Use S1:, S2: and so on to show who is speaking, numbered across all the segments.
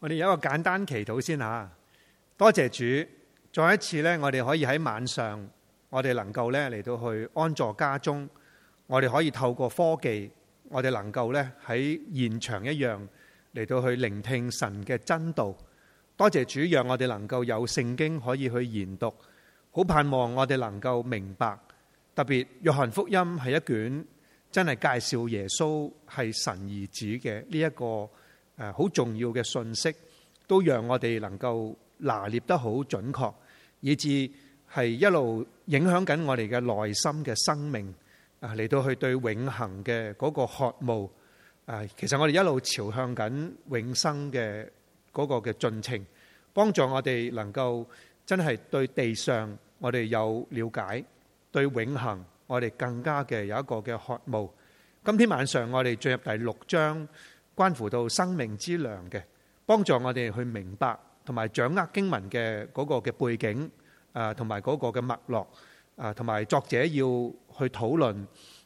S1: 我哋有一個簡單祈禱先吓，多謝主！再一次咧，我哋可以喺晚上，我哋能夠咧嚟到去安坐家中，我哋可以透過科技，我哋能夠咧喺現場一樣嚟到去聆聽神嘅真道。多謝主，讓我哋能夠有聖經可以去研讀，好盼望我哋能夠明白。特別約翰福音係一卷真係介紹耶穌係神兒子嘅呢一個。誒，好重要嘅信息，都讓我哋能夠拿捏得好準確，以至係一路影響緊我哋嘅內心嘅生命，啊，嚟到去對永恆嘅嗰個渴慕。誒，其實我哋一路朝向緊永生嘅嗰個嘅進程，幫助我哋能夠真係對地上我哋有了解，對永恆我哋更加嘅有一個嘅渴慕。今天晚上我哋進入第六章。關乎到生命之糧嘅，幫助我哋去明白同埋掌握經文嘅嗰個嘅背景，啊，同埋嗰個嘅脈絡，啊，同埋作者要去討論，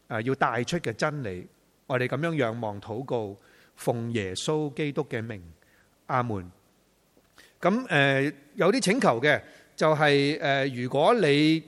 S1: 啊，要帶出嘅真理，我哋咁樣仰望禱告，奉耶穌基督嘅名，阿門。咁誒，有啲請求嘅，就係誒，如果你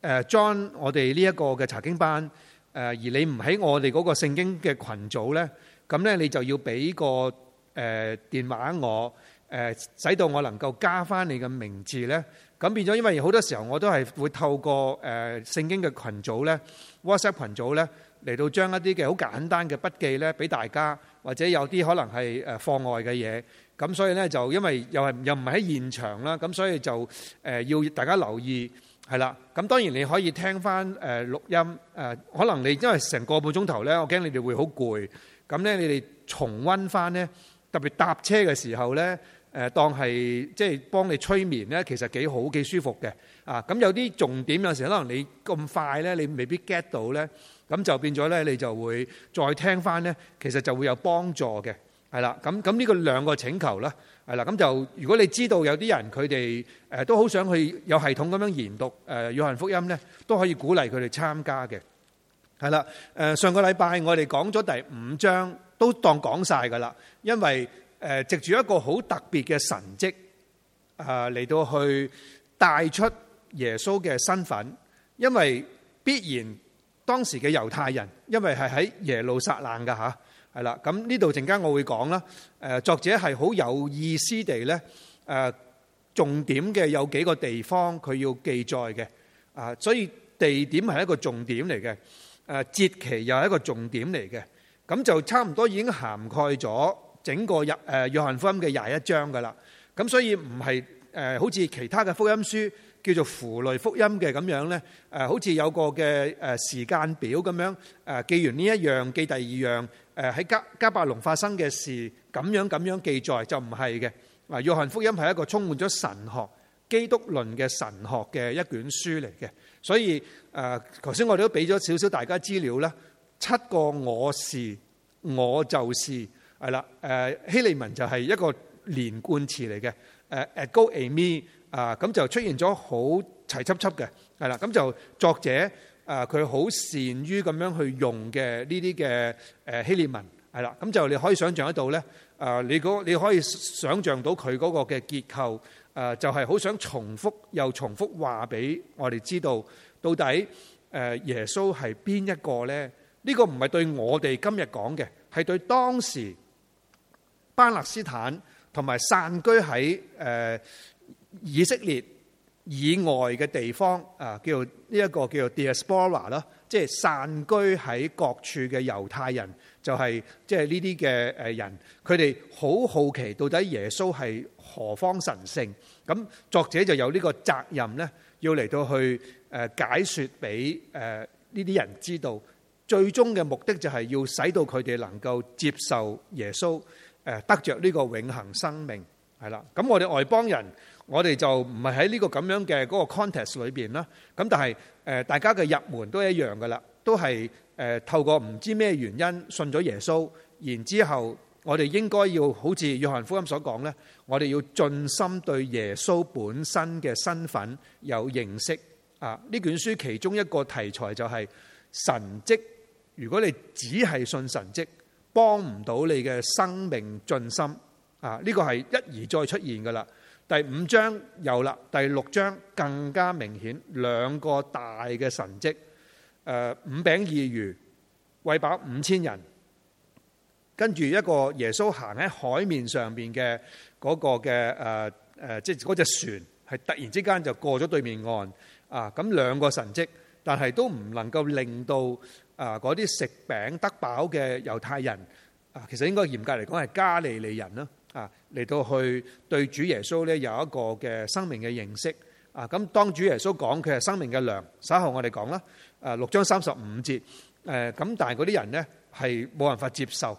S1: 誒 join 我哋呢一個嘅查經班，誒，而你唔喺我哋嗰個聖經嘅群組呢。咁咧，你就要俾個誒電話我，誒使到我能夠加翻你嘅名字咧。咁變咗，因為好多時候我都係會透過誒聖經嘅群組咧、WhatsApp 群組咧，嚟到將一啲嘅好簡單嘅筆記咧，俾大家或者有啲可能係誒課外嘅嘢。咁所以咧，就因為又係又唔係喺現場啦，咁所以就誒要大家留意係啦。咁當然你可以聽翻誒錄音誒，可能你因為成個半鐘頭咧，我驚你哋會好攰。咁咧，你哋重溫翻咧，特別搭車嘅時候咧，誒當係即係幫你催眠咧，其實幾好幾舒服嘅。啊，咁有啲重點有時可能你咁快咧，你未必 get 到咧，咁就變咗咧，你就會再聽翻咧，其實就會有幫助嘅。係啦，咁咁呢個兩個請求啦，係啦，咁就如果你知道有啲人佢哋誒都好想去有系統咁樣研讀誒約翰福音咧，都可以鼓勵佢哋參加嘅。係喇，上個禮拜我哋講咗第五章，都當講晒㗎喇，因為誒藉住一個好特別嘅神跡嚟到去帶出耶穌嘅身份，因為必然當時嘅猶太人，因為係喺耶路撒冷㗎吓，係啦。咁呢度陣間我會講啦。作者係好有意思地咧，重點嘅有幾個地方佢要記載嘅啊，所以地點係一個重點嚟嘅。誒節期又係一個重點嚟嘅，咁就差唔多已經涵蓋咗整個約誒約翰福音嘅廿一章噶啦。咁所以唔係誒好似其他嘅福音書叫做符類福音嘅咁樣咧，誒好似有個嘅誒時間表咁樣誒記完呢一樣記第二樣，誒喺加加百隆發生嘅事咁樣咁樣記載，就唔係嘅。嗱，約翰福音係一個充滿咗神學基督論嘅神學嘅一卷書嚟嘅。所以誒，頭、呃、先我哋都俾咗少少大家資料啦。七個我是我就是係啦。誒、呃、希利文就係一個連貫詞嚟嘅。誒 ego eimi 啊，咁、呃、就出現咗好齊輯輯嘅係啦。咁就作者誒佢好善於咁樣去用嘅呢啲嘅誒希利文係啦。咁就你可以想象得到咧誒、呃，你嗰、那個、你可以想象到佢嗰個嘅結構。誒就係好想重複又重複話俾我哋知道，到底耶穌係邊一個呢？呢、這個唔係對我哋今日講嘅，係對當時巴勒斯坦同埋散居喺誒以色列以外嘅地方啊，叫呢一個叫做 Diaspora 啦，即係散居喺各處嘅猶太人，就係即係呢啲嘅人，佢哋好好奇到底耶穌係何方神聖。咁作者就有呢個責任呢，要嚟到去誒解説俾誒呢啲人知道，最終嘅目的就係要使到佢哋能夠接受耶穌誒得著呢個永恆生命，係啦。咁我哋外邦人，我哋就唔係喺呢個咁樣嘅嗰個 context 裏邊啦。咁但係誒大家嘅入門都係一樣噶啦，都係誒透過唔知咩原因信咗耶穌，然之後，我哋應該要好似《約翰福音所說》所講呢，我哋要盡心對耶穌本身嘅身份有認識。啊，呢卷書其中一個題材就係神蹟。如果你只係信神蹟，幫唔到你嘅生命進心。啊，呢個係一而再出現嘅啦。第五章有啦，第六章更加明顯兩個大嘅神蹟。誒，五餅二魚餵飽五千人。跟住一個耶穌行喺海面上面嘅嗰個嘅誒誒，即係嗰隻船係突然之間就過咗對面岸啊！咁兩個神跡，但係都唔能夠令到啊嗰啲食餅得飽嘅猶太人啊，其實應該嚴格嚟講係加利利人啦啊，嚟到去對主耶穌呢有一個嘅生命嘅認識啊！咁當主耶穌講佢係生命嘅糧，稍後我哋講啦啊六章三十五節誒咁，但係嗰啲人呢係冇辦法接受。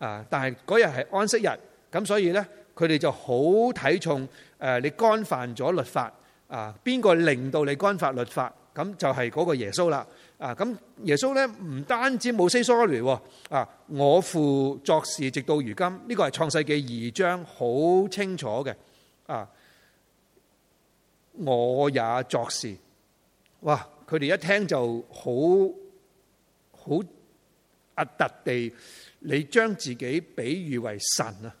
S1: 啊！但係嗰日係安息日，咁所以咧，佢哋就好睇重誒你干犯咗律法啊！邊個令到你干犯律法？咁就係、是、嗰個耶穌啦！啊！咁耶穌咧唔單止冇 say sorry 喎啊！我父作事直到如今，呢個係創世記二章好清楚嘅啊！我也作事，哇！佢哋一聽就好好壓特地。你將自己比喻為神啊，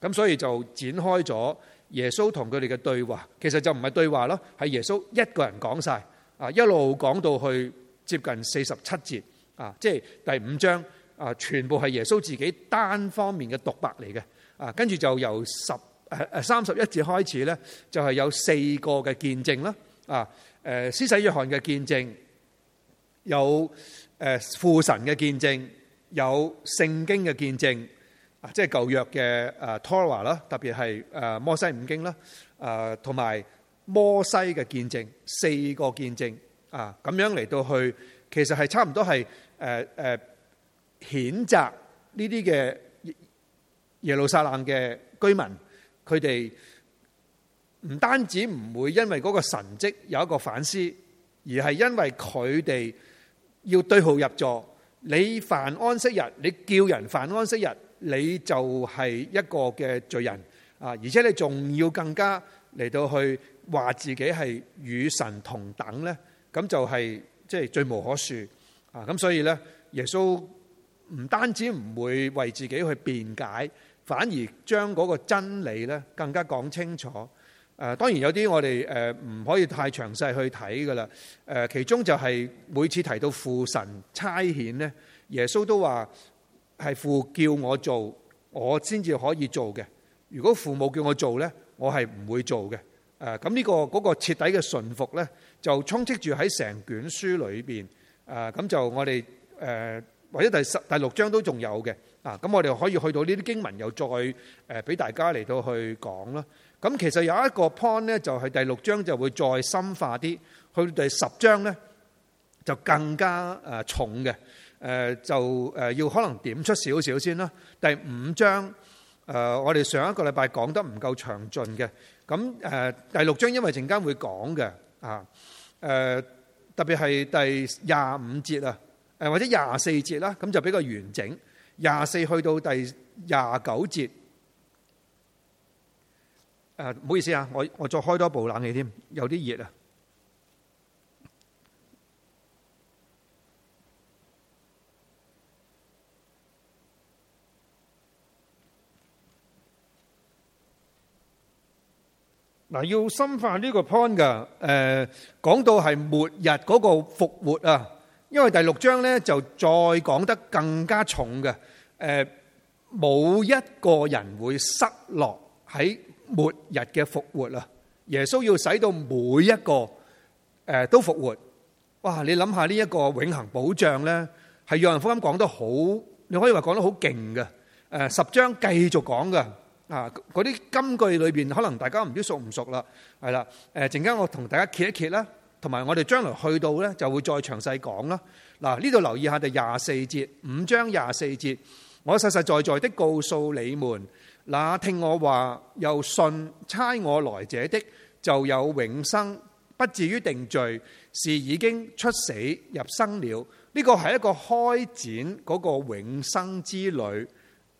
S1: 咁所以就展開咗耶穌同佢哋嘅對話。其實就唔係對話咯，係耶穌一個人講晒，啊，一路講到去接近四十七節啊，即係第五章啊，全部係耶穌自己單方面嘅獨白嚟嘅啊。跟住就由十誒三十一節開始咧，就係、是、有四個嘅見證啦啊，誒施洗約翰嘅見證，有誒父神嘅見證。有聖經嘅見證啊，即係舊約嘅誒 Torah 啦，特別係誒摩西五經啦，誒同埋摩西嘅見證，四個見證啊，咁樣嚟到去，其實係差唔多係誒誒譴責呢啲嘅耶路撒冷嘅居民，佢哋唔單止唔會因為嗰個神蹟有一個反思，而係因為佢哋要對號入座。你犯安息日，你叫人犯安息日，你就係一個嘅罪人啊！而且你仲要更加嚟到去話自己係與神同等咧，咁就係即係罪無可恕啊！咁所以咧，耶穌唔單止唔會為自己去辯解，反而將嗰個真理咧更加講清楚。誒當然有啲我哋誒唔可以太詳細去睇㗎啦。誒其中就係每次提到父神差遣咧，耶穌都話係父叫我做，我先至可以做嘅。如果父母叫我做咧，我係唔會做嘅。誒咁呢個嗰個徹底嘅順服咧，就充斥住喺成卷書裏邊。誒咁就我哋誒或者第十第六章都仲有嘅。啊咁我哋可以去到呢啲經文又再誒俾大家嚟到去講啦。咁其實有一個 point 咧，就係第六章就會再深化啲，去到第十章咧就更加誒重嘅，誒就誒要可能點出少少先啦。第五章誒我哋上一個禮拜講得唔夠詳盡嘅，咁誒第六章因為陣間會講嘅啊，誒特別係第廿五節啊，誒或者廿四節啦，咁就比較完整。廿四去到第廿九節。誒，唔好意思啊，我我再開多部冷氣添，有啲熱啊。嗱，要深化呢個 point 噶，誒，講到係末日嗰個復活啊，因為第六章咧就再講得更加重嘅，誒，冇一個人會失落喺。末日嘅復活啊！耶穌要使到每一個誒都復活，哇！你諗下呢一個永恆保障咧，係約翰福音講得好，你可以話講得好勁嘅。誒，十章繼續講嘅啊，嗰啲金句裏邊，可能大家唔知熟唔熟啦，係啦。誒，陣間我同大家揭一揭啦，同埋我哋將來去到咧，就會再詳細講啦。嗱，呢度留意下就廿四節，五章廿四節，我實實在在的告訴你們。嗱，聽我話又信差我來者的就有永生，不至於定罪，是已經出死入生了。呢個係一個開展嗰個永生之旅，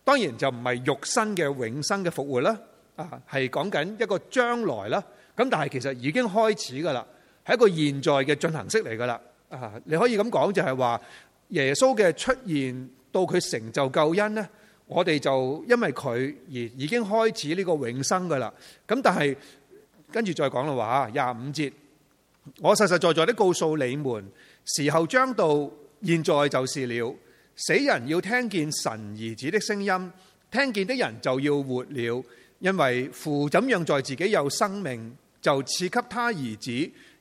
S1: 當然就唔係肉身嘅永生嘅復活啦。啊，係講緊一個將來啦。咁但係其實已經開始噶啦，係一個現在嘅進行式嚟噶啦。啊，你可以咁講就係話耶穌嘅出現到佢成就救恩呢。我哋就因為佢而已經開始呢個永生噶啦，咁但係跟住再講啦話廿五節，我實實在在地告訴你們，時候將到，現在就是了。死人要聽見神兒子的聲音，聽見的人就要活了，因為父怎樣在自己有生命，就賜給他兒子，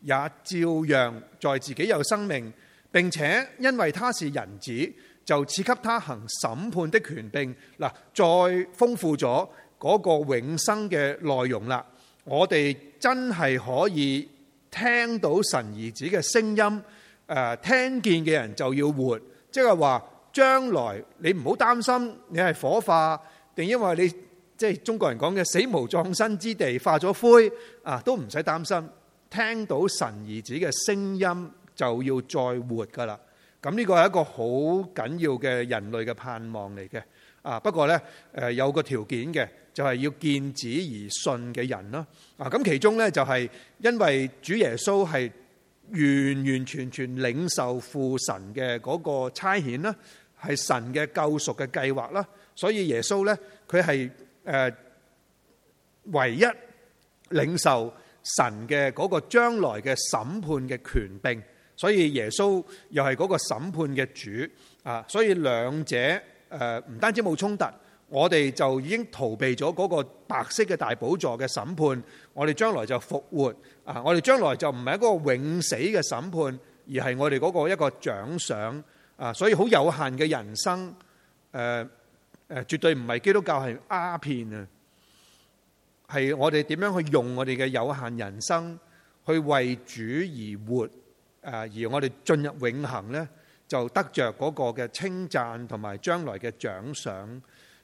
S1: 也照樣在自己有生命，並且因為他是人子。就賜給他行審判的權柄，嗱，再豐富咗嗰個永生嘅內容啦。我哋真係可以聽到神兒子嘅聲音，誒，聽見嘅人就要活，即係話將來你唔好擔心你係火化，定因為你即係中國人講嘅死無葬身之地，化咗灰啊，都唔使擔心。聽到神兒子嘅聲音就要再活㗎喇。咁呢個係一個好緊要嘅人類嘅盼望嚟嘅，啊，不過呢，誒有個條件嘅，就係要見子而信嘅人啦。啊，咁其中呢，就係因為主耶穌係完完全全領受父神嘅嗰個差遣啦，係神嘅救贖嘅計劃啦，所以耶穌呢，佢係、呃、唯一領受神嘅嗰個將來嘅審判嘅權柄。所以耶穌又係嗰個審判嘅主啊，所以兩者誒唔單止冇衝突，我哋就已經逃避咗嗰個白色嘅大寶座嘅審判。我哋將來就復活啊！我哋將來就唔係一個永死嘅審判，而係我哋嗰個一個獎賞啊！所以好有限嘅人生誒誒、呃呃，絕對唔係基督教係鴉片啊，係我哋點樣去用我哋嘅有限人生去為主而活。誒而我哋進入永恆呢，就得着嗰個嘅稱讚同埋將來嘅獎賞。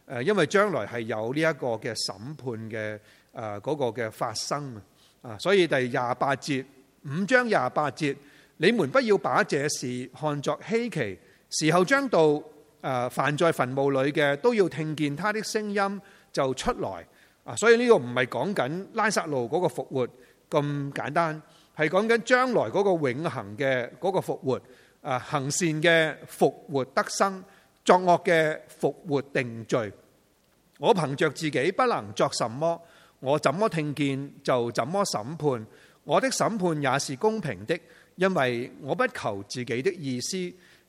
S1: 誒，因為將來係有呢一個嘅審判嘅誒嗰個嘅發生啊，所以第廿八節五章廿八節，你們不要把這事看作希奇，時候將到誒，凡在墳墓裏嘅都要聽見他的聲音就出來。啊，所以呢個唔係講緊拉撒路嗰個復活咁簡單。係講緊將來嗰個永恆嘅嗰個復活，行善嘅復活得生，作惡嘅復活定罪。我憑着自己不能作什麼，我怎麼聽見就怎麼審判，我的審判也是公平的，因為我不求自己的意思，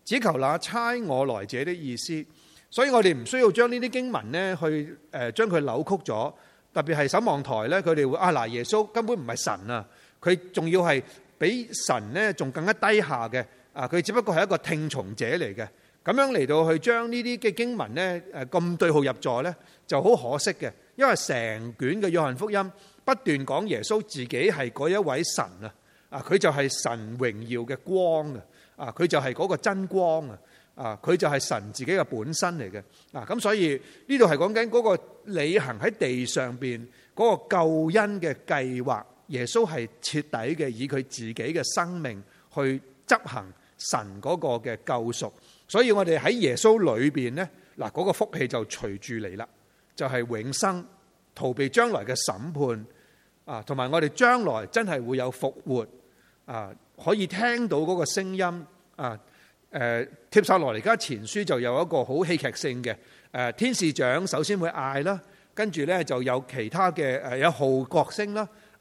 S1: 只求那差我來者的意思。所以我哋唔需要將呢啲經文呢去誒將佢扭曲咗，特別係守望台呢，佢哋會啊嗱，耶穌根本唔係神啊！佢仲要係比神呢仲更加低下嘅，啊！佢只不過係一個聽從者嚟嘅，咁樣嚟到去將呢啲嘅經文呢誒咁對號入座呢，就好可惜嘅，因為成卷嘅約翰福音不斷講耶穌自己係嗰一位神啊，啊！佢就係神榮耀嘅光啊，啊！佢就係嗰個真光啊，啊！佢就係神自己嘅本身嚟嘅，啊！咁所以呢度係講緊嗰個履行喺地上邊嗰個救恩嘅計劃。耶穌係徹底嘅，以佢自己嘅生命去執行神嗰個嘅救贖，所以我哋喺耶穌裏邊呢，嗱嗰個福氣就隨住嚟啦，就係永生，逃避將來嘅審判啊，同埋我哋將來真係會有復活啊，可以聽到嗰個聲音啊，誒，帖撒羅尼迦前書就有一個好戲劇性嘅，誒，天使長首先會嗌啦，跟住呢就有其他嘅誒有號角聲啦。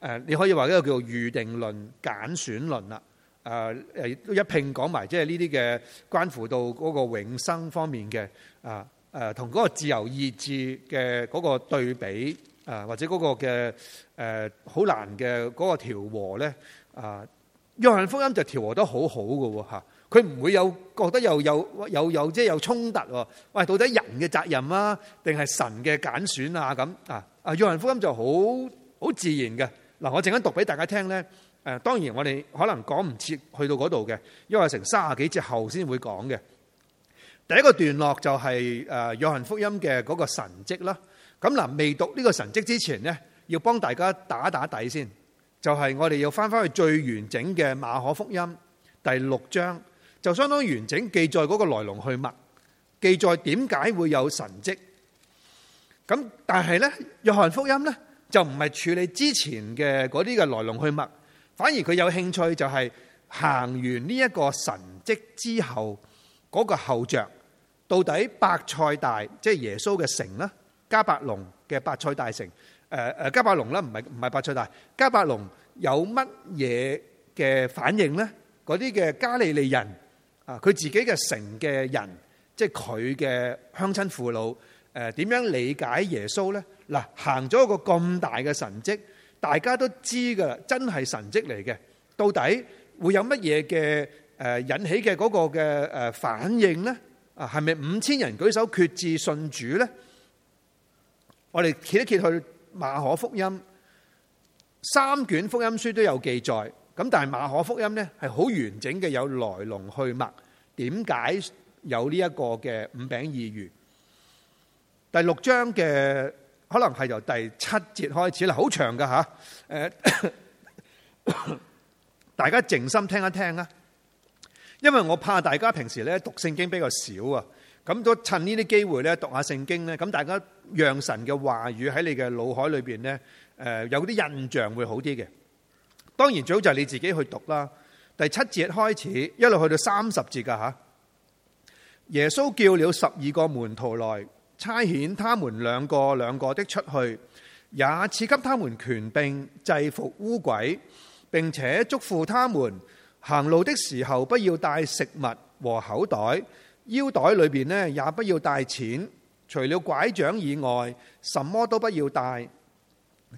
S1: 誒，你可以話呢個叫做預定論、揀選論啦。誒誒，一拼講埋即係呢啲嘅關乎到嗰個永生方面嘅啊，誒，同嗰個自由意志嘅嗰個對比啊，或者嗰個嘅誒好難嘅嗰個調和咧啊，約翰福音就調和得好好嘅喎嚇。佢唔會有覺得又有有有即係有衝突喎。喂，到底人嘅責任啊，定係神嘅揀選啊咁啊啊？約翰福音就好好自然嘅。嗱，我陣間讀俾大家聽咧。誒，當然我哋可能講唔切去到嗰度嘅，因為成三十幾節後先會講嘅。第一個段落就係誒約翰福音嘅嗰個神蹟啦。咁嗱，未讀呢個神蹟之前咧，要幫大家打打底先，就係我哋要翻翻去最完整嘅馬可福音第六章，就相當完整記載嗰個來龍去脈，記載點解會有神蹟。咁但係咧，約翰福音咧。就唔係處理之前嘅嗰啲嘅來龍去脈，反而佢有興趣就係行完呢一個神蹟之後，嗰、那個後著到底伯賽大，即、就、係、是、耶穌嘅城啦，迦百農嘅伯賽大城。誒、呃、誒，迦百農啦，唔係唔係伯賽大，迦百農有乜嘢嘅反應咧？嗰啲嘅加利利人啊，佢自己嘅城嘅人，即係佢嘅鄉親父老。誒，點樣理解耶穌咧？嗱，行咗一個咁大嘅神蹟，大家都知噶啦，真係神蹟嚟嘅。到底會有乜嘢嘅誒引起嘅嗰個嘅誒反應咧？啊，係咪五千人舉手決志信主咧？我哋揭一揭去馬可福音，三卷福音書都有記載。咁但係馬可福音咧，係好完整嘅，有來龍去脈。點解有呢一個嘅五餅二魚？第六章嘅可能係由第七節開始啦，好長㗎吓。誒、啊，大家靜心聽一聽啊，因為我怕大家平時咧讀聖經比較少啊，咁都趁呢啲機會咧讀下聖經咧，咁大家讓神嘅話語喺你嘅腦海裏邊咧，誒有啲印象會好啲嘅。當然最好就係你自己去讀啦。第七節開始一路去到三十節㗎吓，耶穌叫了十二個門徒來。差遣他們兩個兩個的出去，也賜給他們權柄制服污鬼。並且囑咐他們行路的時候不要帶食物和口袋，腰袋裏面呢也不要帶錢，除了拐杖以外，什麼都不要帶。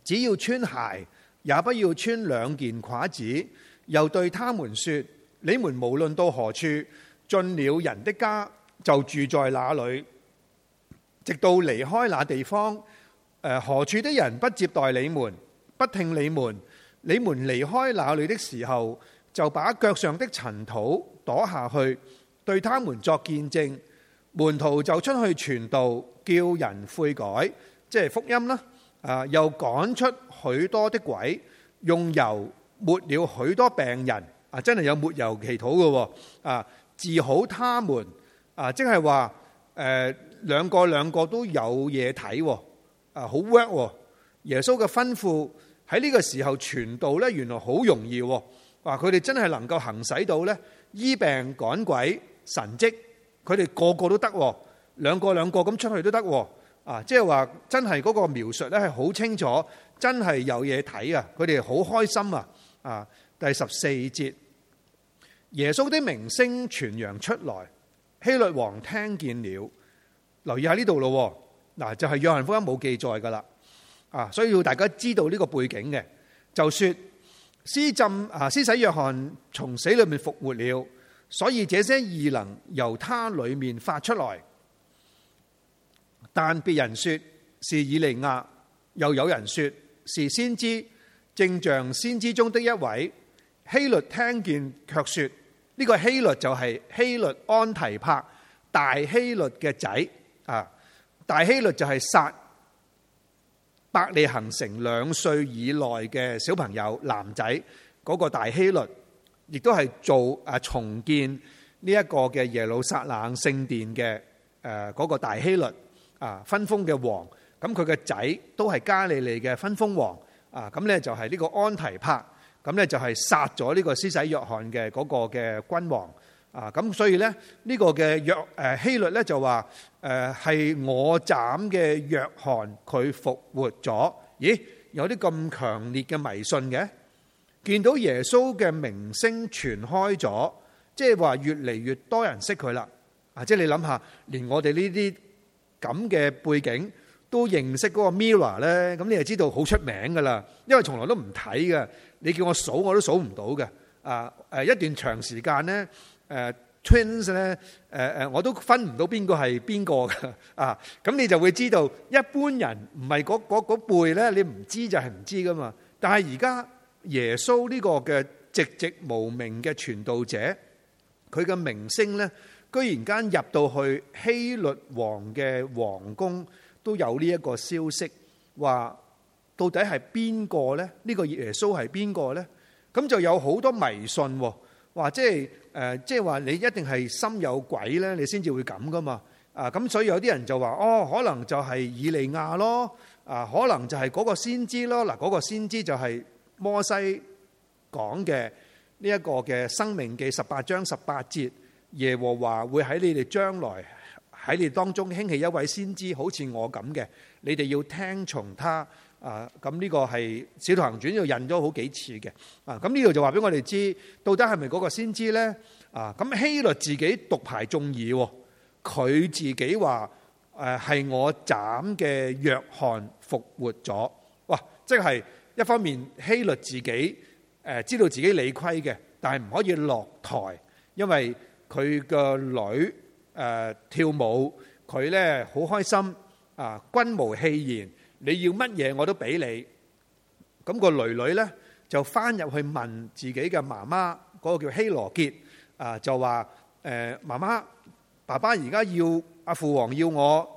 S1: 只要穿鞋，也不要穿兩件褂子。又對他們說：你們無論到何處，進了人的家就住在那裡。」直到離開那地方，何處的人不接待你們，不聽你們，你們離開那裏的時候，就把腳上的塵土躲下去，對他們作見證。門徒就出去傳道，叫人悔改，即係福音啦。又趕出許多的鬼，用油抹了許多病人，啊，真係有抹油祈禱嘅喎。啊，治好他們，啊，即係話，誒兩個兩個都有嘢睇，啊，好 work！耶穌嘅吩咐喺呢個時候傳道咧，原來好容易。喎。佢哋真係能夠行使到咧醫病趕鬼神蹟，佢哋個個都得。兩個兩個咁出去都得，啊，即係話真係嗰個描述咧係好清楚，真係有嘢睇啊！佢哋好開心啊！啊，第十四節，耶穌啲名聲傳揚出來，希律王聽見了。留意下呢度咯，嗱，就係、是、約翰福音冇記載噶啦，啊，所以要大家知道呢個背景嘅，就說施浸啊，施洗約翰從死裏面復活了，所以這些異能由他裏面發出來，但別人說是以利亞，又有人說是先知，正像先知中的一位。希律聽見卻說，呢，這個希律就係希律安提帕，大希律嘅仔。大希律就係殺伯利恆城兩歲以內嘅小朋友男仔嗰個大希律，亦都係做誒重建呢一個嘅耶路撒冷聖殿嘅誒嗰個大希律啊，分封嘅王。咁佢嘅仔都係加利利嘅分封王啊。咁咧就係呢個安提帕，咁咧就係殺咗呢個施洗約翰嘅嗰個嘅君王。啊，咁所以咧呢、這個嘅約誒、啊、希律咧就話誒係我斬嘅約翰，佢復活咗，咦？有啲咁強烈嘅迷信嘅，見到耶穌嘅名聲傳開咗，即係話越嚟越多人識佢啦。啊，即係你諗下，連我哋呢啲咁嘅背景都認識嗰個 Mirror 咧，咁你就知道好出名噶啦，因為從來都唔睇嘅，你叫我數我都數唔到嘅。啊，誒一段長時間咧。誒 twins 咧，誒誒、啊啊、我都分唔到邊個係邊個嘅啊！咁你就會知道，一般人唔係嗰嗰嗰輩咧，你唔知就係唔知噶嘛。但係而家耶穌呢個嘅籍籍無名嘅傳道者，佢嘅名聲咧，居然間入到去希律王嘅皇宮都有呢一個消息，話到底係邊個咧？呢個耶穌係邊個咧？咁就有好多迷信喎，話即係。即係話你一定係心有鬼呢，你先至會咁㗎嘛啊！咁所以有啲人就話哦，可能就係以利亞咯啊，可能就係嗰個先知咯嗱，嗰、嗰個先知就係摩西講嘅呢一個嘅《申命記》十八章十八節，耶和華會喺你哋將來喺你哋當中興起一位先知，好似我咁嘅，你哋要聽從他。啊，咁呢個係《小唐行傳》又印咗好幾次嘅。啊，咁呢度就話俾我哋知，到底係咪嗰個先知呢？啊，咁希律自己獨排眾喎，佢自己話：係我斬嘅約翰復活咗。哇！即係一方面希律自己知道自己理虧嘅，但係唔可以落台，因為佢嘅女、呃、跳舞，佢呢好開心啊、呃，君無戲言。你要乜嘢我都俾你，咁個女女咧就翻入去問自己嘅媽媽，嗰個叫希羅杰啊，就話：誒，媽媽，爸爸而家要阿父王要我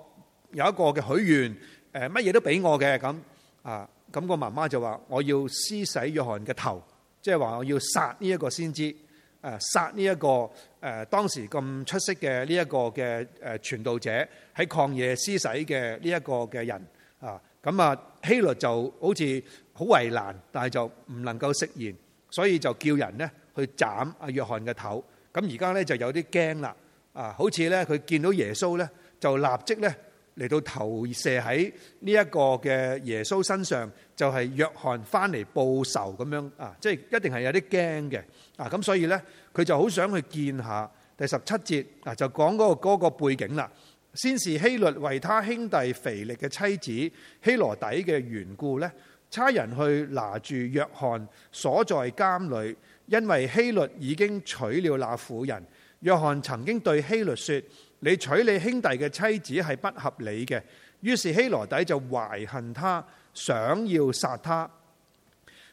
S1: 有一個嘅許願，誒，乜嘢都俾我嘅咁啊。咁個媽媽就話：我要施洗約翰嘅頭，即係話我要殺呢一個先知，誒，殺呢一個誒當時咁出色嘅呢一個嘅誒傳道者喺曠野施洗嘅呢一個嘅人啊。咁啊，希律就好似好為難，但係就唔能夠食言，所以就叫人咧去斬阿約翰嘅頭。咁而家咧就有啲驚啦，啊，好似咧佢見到耶穌咧，就立即咧嚟到投射喺呢一個嘅耶穌身上，就係約翰翻嚟報仇咁樣啊，即係一定係有啲驚嘅。啊，咁所以咧佢就好想去見下第十七節啊，就講嗰個嗰個背景啦。先是希律為他兄弟腓力嘅妻子希羅底嘅緣故咧，差人去拿住約翰鎖在監裏，因為希律已經娶了那婦人。約翰曾經對希律說：你娶你兄弟嘅妻子係不合理嘅。於是希羅底就懷恨他，想要殺他。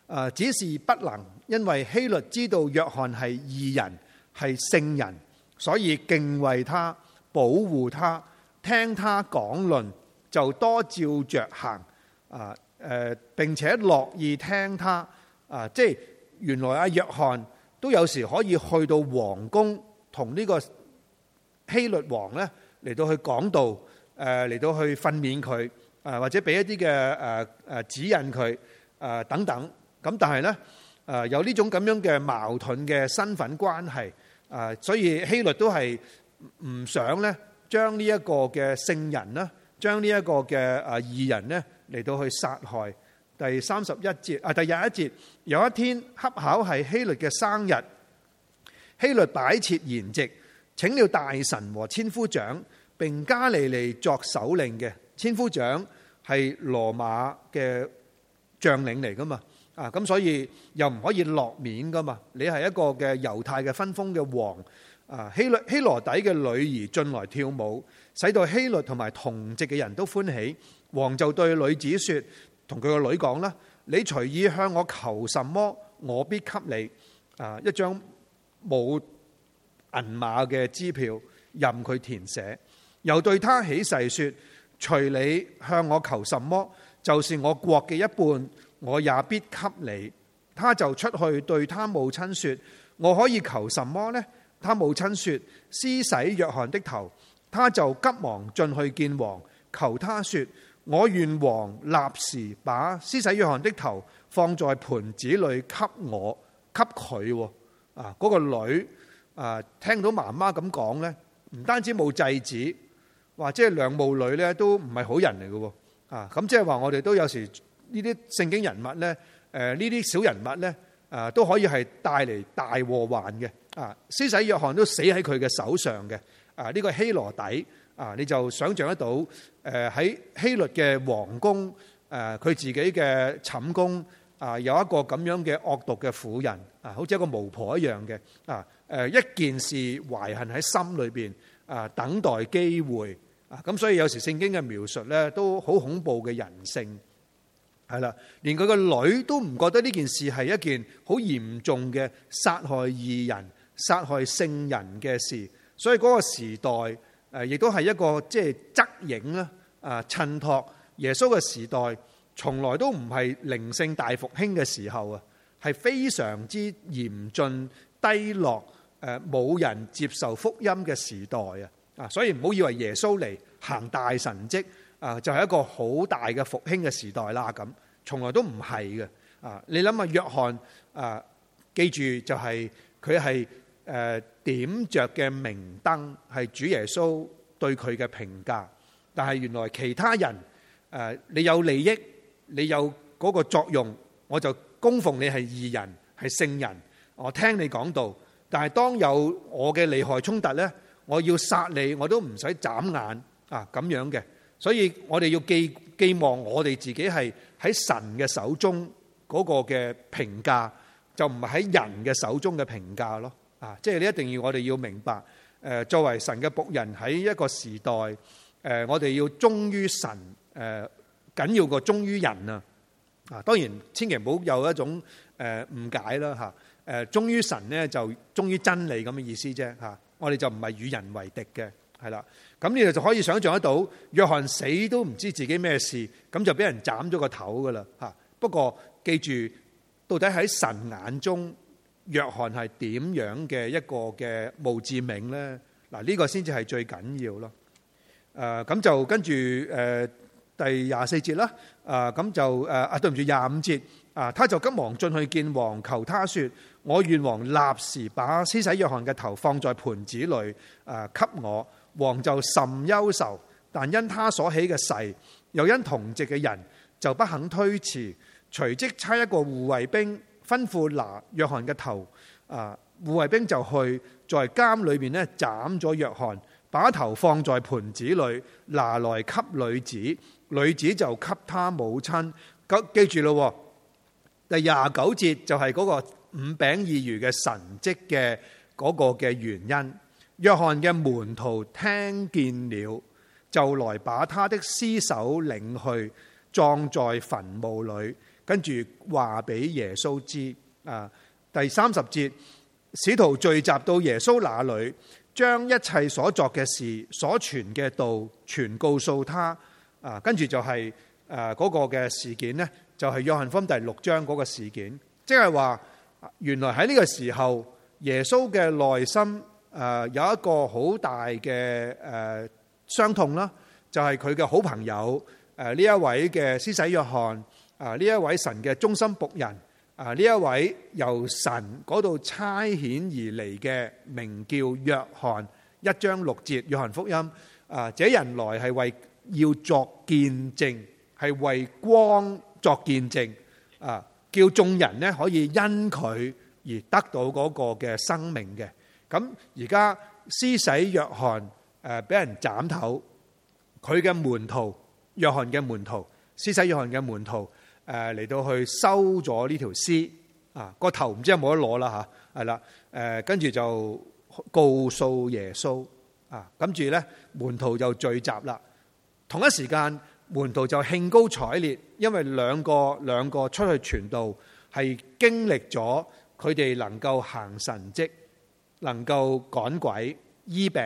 S1: 呃，只是不能，因為希律知道約翰係義人，係聖人，所以敬畏他，保護他。聽他講論就多照著行啊誒，並且樂意聽他啊！即係原來阿約翰都有時可以去到皇宮同呢個希律王咧嚟到去講道誒，嚟到去訓勉佢啊，或者俾一啲嘅誒誒指引佢啊等等。咁但係咧誒，有呢種咁樣嘅矛盾嘅身份關係啊，所以希律都係唔想咧。將呢一個嘅聖人啦，將呢一個嘅誒義人咧嚟到去殺害。第三十一節啊，第廿一節，有一天恰巧係希律嘅生日，希律擺設筵席，請了大臣和千夫長，並加利利作首領嘅千夫長係羅馬嘅將領嚟噶嘛？啊，咁所以又唔可以落面噶嘛？你係一個嘅猶太嘅分封嘅王。啊！希律，希羅底嘅女兒進來跳舞，使到希律同埋同席嘅人都歡喜。王就對女子說：同佢個女講啦，你隨意向我求什麼，我必給你啊一張冇銀碼嘅支票，任佢填寫。又對他起誓說：隨你向我求什麼，就是我國嘅一半，我也必給你。他就出去對他母親說：我可以求什麼呢？他母親說：施洗約翰的頭，他就急忙進去見王，求他說：我願王立時把施洗約翰的頭放在盤子裏給我，給佢。啊，嗰、那個女啊，聽到媽媽咁講呢，唔單止冇制止，話、啊、即係兩母女呢都唔係好人嚟嘅。啊，咁即係話我哋都有時呢啲聖經人物呢，誒呢啲小人物呢，啊都可以係帶嚟大禍患嘅。啊！施洗約翰都死喺佢嘅手上嘅。啊，呢個希羅底啊，你就想象得到，誒喺希律嘅皇宮，誒佢自己嘅寢宮啊，有一個咁樣嘅惡毒嘅婦人啊，好似一個巫婆一樣嘅。啊，誒一件事懷恨喺心裏邊啊，等待機會啊，咁所以有時聖經嘅描述咧，都好恐怖嘅人性係啦。連佢個女都唔覺得呢件事係一件好嚴重嘅殺害義人。殺害聖人嘅事，所以嗰個時代誒，亦都係一個即係側影啦，啊襯托耶穌嘅時代，從來都唔係靈性大復興嘅時候啊，係非常之嚴峻低落，誒冇人接受福音嘅時代啊，啊，所以唔好以為耶穌嚟行大神蹟啊，就係一個好大嘅復興嘅時代啦，咁從來都唔係嘅，啊，你諗下約翰啊，記住就係佢係。誒點著嘅明燈係主耶穌對佢嘅評價，但係原來其他人誒，你有利益，你有嗰個作用，我就供奉你係義人、係聖人。我聽你講道，但係當有我嘅利害衝突呢，我要殺你，我都唔使眨眼啊！咁樣嘅，所以我哋要寄寄望我哋自己係喺神嘅手中嗰個嘅評價，就唔係喺人嘅手中嘅評價咯。啊！即係你一定要我哋要明白，誒，作為神嘅僕人喺一個時代，誒，我哋要忠於神，誒，緊要過忠於人啊！啊，當然千祈唔好有一種誒誤解啦，吓，誒，忠於神咧就忠於真理咁嘅意思啫，吓，我哋就唔係與人為敵嘅，係啦。咁你哋就可以想象得到，約翰死都唔知自己咩事，咁就俾人斬咗個頭噶啦，吓。不過記住，到底喺神眼中，約翰係點樣嘅一個嘅墓誌銘呢？嗱、這、呢個先至係最緊要咯。誒、呃，咁就跟住誒、呃、第廿四節啦。啊、呃，咁就誒啊、呃，對唔住廿五節。啊、呃，他就急忙進去見王，求他說：我願王立時把施洗約翰嘅頭放在盤子裏，誒、呃、給我。王就甚憂愁，但因他所起嘅誓，又因同席嘅人，就不肯推遲。隨即差一個護衛兵。吩咐拿約翰嘅頭，啊，護衛兵就去在監裏面咧斬咗約翰，把頭放在盤子裏，拿來給女子，女子就給他母親。咁記住咯，第廿九節就係嗰個五餅二魚嘅神蹟嘅嗰個嘅原因。約翰嘅門徒聽見了，就來把他的屍首領去，葬在墳墓裏。跟住話俾耶穌知啊，第三十節，使徒聚集到耶穌那裏，將一切所作嘅事、所傳嘅道，全告訴他啊。跟住就係誒嗰個嘅事件呢就係、是、約翰福音第六章嗰個事件，即係話原來喺呢個時候，耶穌嘅內心誒有一個好大嘅誒傷痛啦，就係佢嘅好朋友誒呢一位嘅施洗約翰。啊！呢一位神嘅忠心僕人，啊！呢一位由神嗰度差遣而嚟嘅，名叫約翰。一章六節，約翰福音。啊！這人來係為要作見證，係為光作見證。啊！叫眾人呢可以因佢而得到嗰個嘅生命嘅。咁而家施洗約翰誒，俾人斬頭。佢嘅門徒，約翰嘅門徒，施洗約翰嘅門徒，誒，嚟到去收咗呢條屍啊，個頭唔知有冇得攞啦嚇，係啦誒，跟住就告訴耶穌啊，跟住咧門徒就聚集啦，同一時間門徒就興高采烈，因為兩個兩個出去傳道係經歷咗佢哋能夠行神蹟，能夠趕鬼醫病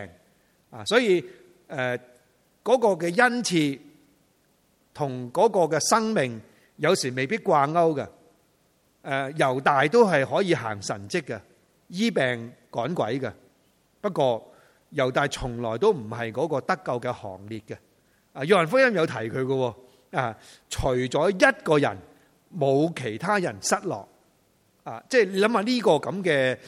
S1: 啊，所以誒嗰個嘅恩賜同嗰個嘅生命，有時未必掛鈎嘅，誒，猶大都係可以行神蹟嘅，醫病趕鬼嘅。不過猶大從來都唔係嗰個得救嘅行列嘅。啊，約翰福音有提佢嘅，啊，除咗一個人，冇其他人失落。啊，即係你諗下呢個咁嘅，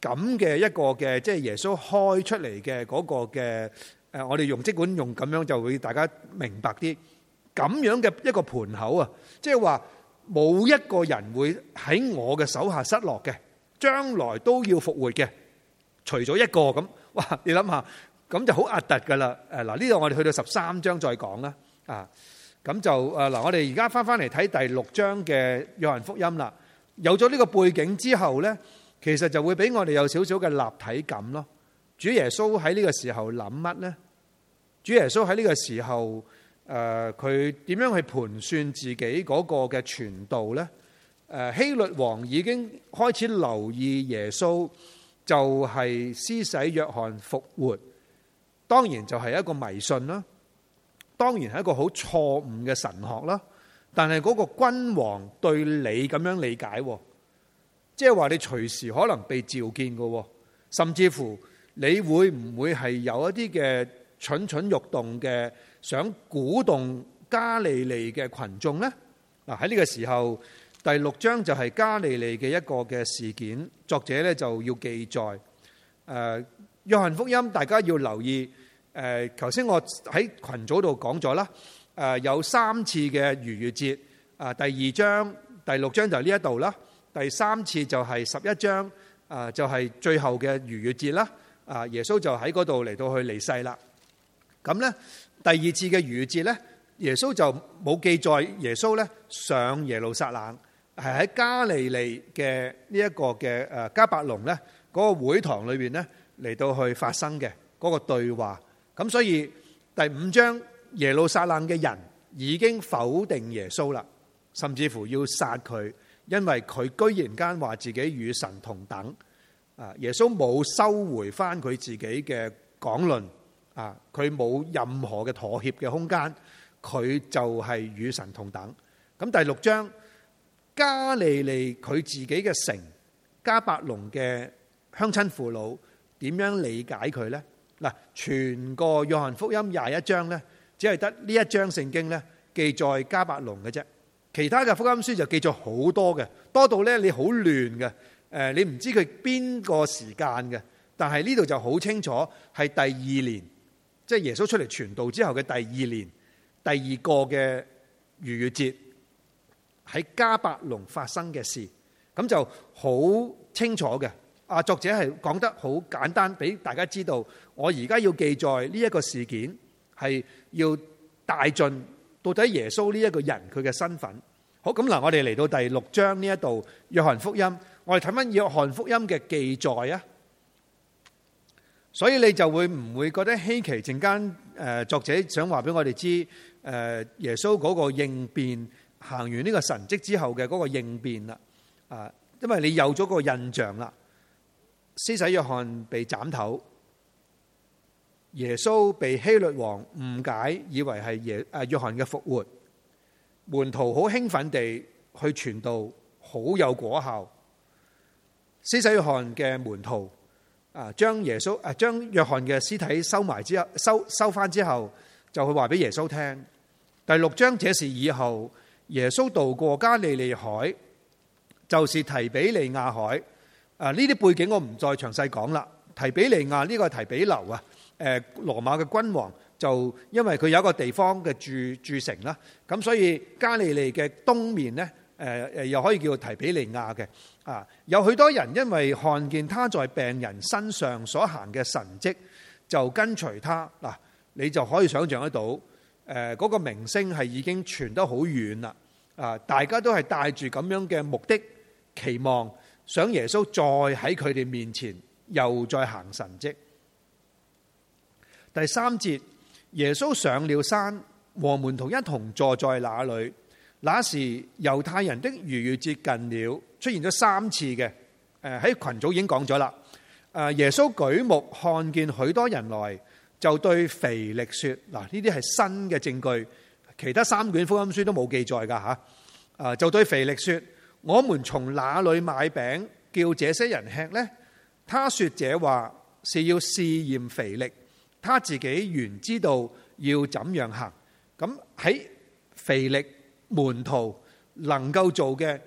S1: 咁嘅一個嘅，即係耶穌開出嚟嘅嗰個嘅，誒、啊，我哋用即管用咁樣就會大家明白啲。咁樣嘅一個盤口啊，即係話冇一個人會喺我嘅手下失落嘅，將來都要復活嘅，除咗一個咁，哇！你諗下，咁就好核突噶啦。誒，嗱，呢度我哋去到十三章再講啦。啊，咁就誒，嗱，我哋而家翻翻嚟睇第六章嘅約翰福音啦。有咗呢個背景之後呢，其實就會俾我哋有少少嘅立體感咯。主耶穌喺呢個時候諗乜呢？主耶穌喺呢個時候。誒，佢點、呃、樣去盤算自己嗰個嘅傳道呢？誒、呃，希律王已經開始留意耶穌，就係施洗約翰復活，當然就係一個迷信啦，當然係一個好錯誤嘅神學啦。但係嗰個君王對你咁樣理解，即係話你隨時可能被召見嘅，甚至乎你會唔會係有一啲嘅蠢蠢欲動嘅？想鼓動加利利嘅群眾呢？嗱，喺呢個時候，第六章就係加利利嘅一個嘅事件，作者呢就要記載。誒、呃，約翰福音大家要留意。誒、呃，頭先我喺群組度講咗啦。誒、呃，有三次嘅逾越節。啊，第二章、第六章就係呢一度啦。第三次就係十一章。啊、呃，就係、是、最後嘅逾越節啦。啊、呃，耶穌就喺嗰度嚟到去離世啦。咁呢。第二次嘅逾節咧，耶穌就冇記載耶穌咧上耶路撒冷，係喺加利利嘅呢一個嘅誒迦百農咧嗰個會堂裏邊咧嚟到去發生嘅嗰、那個對話。咁所以第五章耶路撒冷嘅人已經否定耶穌啦，甚至乎要殺佢，因為佢居然間話自己與神同等。啊，耶穌冇收回翻佢自己嘅講論。啊！佢冇任何嘅妥協嘅空間，佢就係與神同等。咁第六章，加利利佢自己嘅城，迦百農嘅鄉親父老點樣理解佢呢？嗱，全個約翰福音廿一章呢，只係得呢一章聖經咧記載迦百農嘅啫，其他嘅福音書就記咗好多嘅，多到呢：你好亂嘅。誒，你唔知佢邊個時間嘅，但係呢度就好清楚，係第二年。即係耶穌出嚟傳道之後嘅第二年，第二個嘅逾越節喺迦百農發生嘅事，咁就好清楚嘅。啊，作者係講得好簡單，俾大家知道，我而家要記載呢一個事件係要帶盡到底耶穌呢一個人佢嘅身份。好，咁嗱，我哋嚟到第六章呢一度，約翰福音，我哋睇翻約翰福音嘅記載啊。所以你就會唔會覺得稀奇？陣間誒，作者想話俾我哋知，誒，耶穌嗰個應變，行完呢個神迹之後嘅嗰個應變啦，啊，因為你有咗個印象啦。施洗約翰被斬頭，耶穌被希律王誤解，以為係耶誒約翰嘅復活，門徒好興奮地去傳道，好有果效。施洗約翰嘅門徒。啊，將耶穌啊，將約翰嘅屍體收埋之後，收收翻之後，就去話俾耶穌聽。第六章，這是以後耶穌渡過加利利海，就是提比利亞海。啊，呢啲背景我唔再詳細講啦。提比利亞呢個提比留啊，誒，羅馬嘅君王就因為佢有一個地方嘅住住城啦，咁所以加利利嘅東面呢？誒又可以叫提比利亞嘅啊！有許多人因為看見他在病人身上所行嘅神迹，就跟隨他。嗱，你就可以想像得到，嗰、那個明星係已經傳得好遠啦！啊，大家都係帶住咁樣嘅目的期望，想耶穌再喺佢哋面前又再行神迹。第三節，耶穌上了山，和門徒一同坐在那裏那時猶太人的逾越節近了，出現咗三次嘅，誒喺群組已經講咗啦。誒耶穌舉目看見許多人來，就對腓力說：嗱，呢啲係新嘅證據，其他三卷福音書都冇記載噶吓。誒就對腓力說：我們從哪裏買餅叫這些人吃呢？他說這話是要試驗腓力，他自己原知道要怎樣行。咁喺腓力。門徒能夠做嘅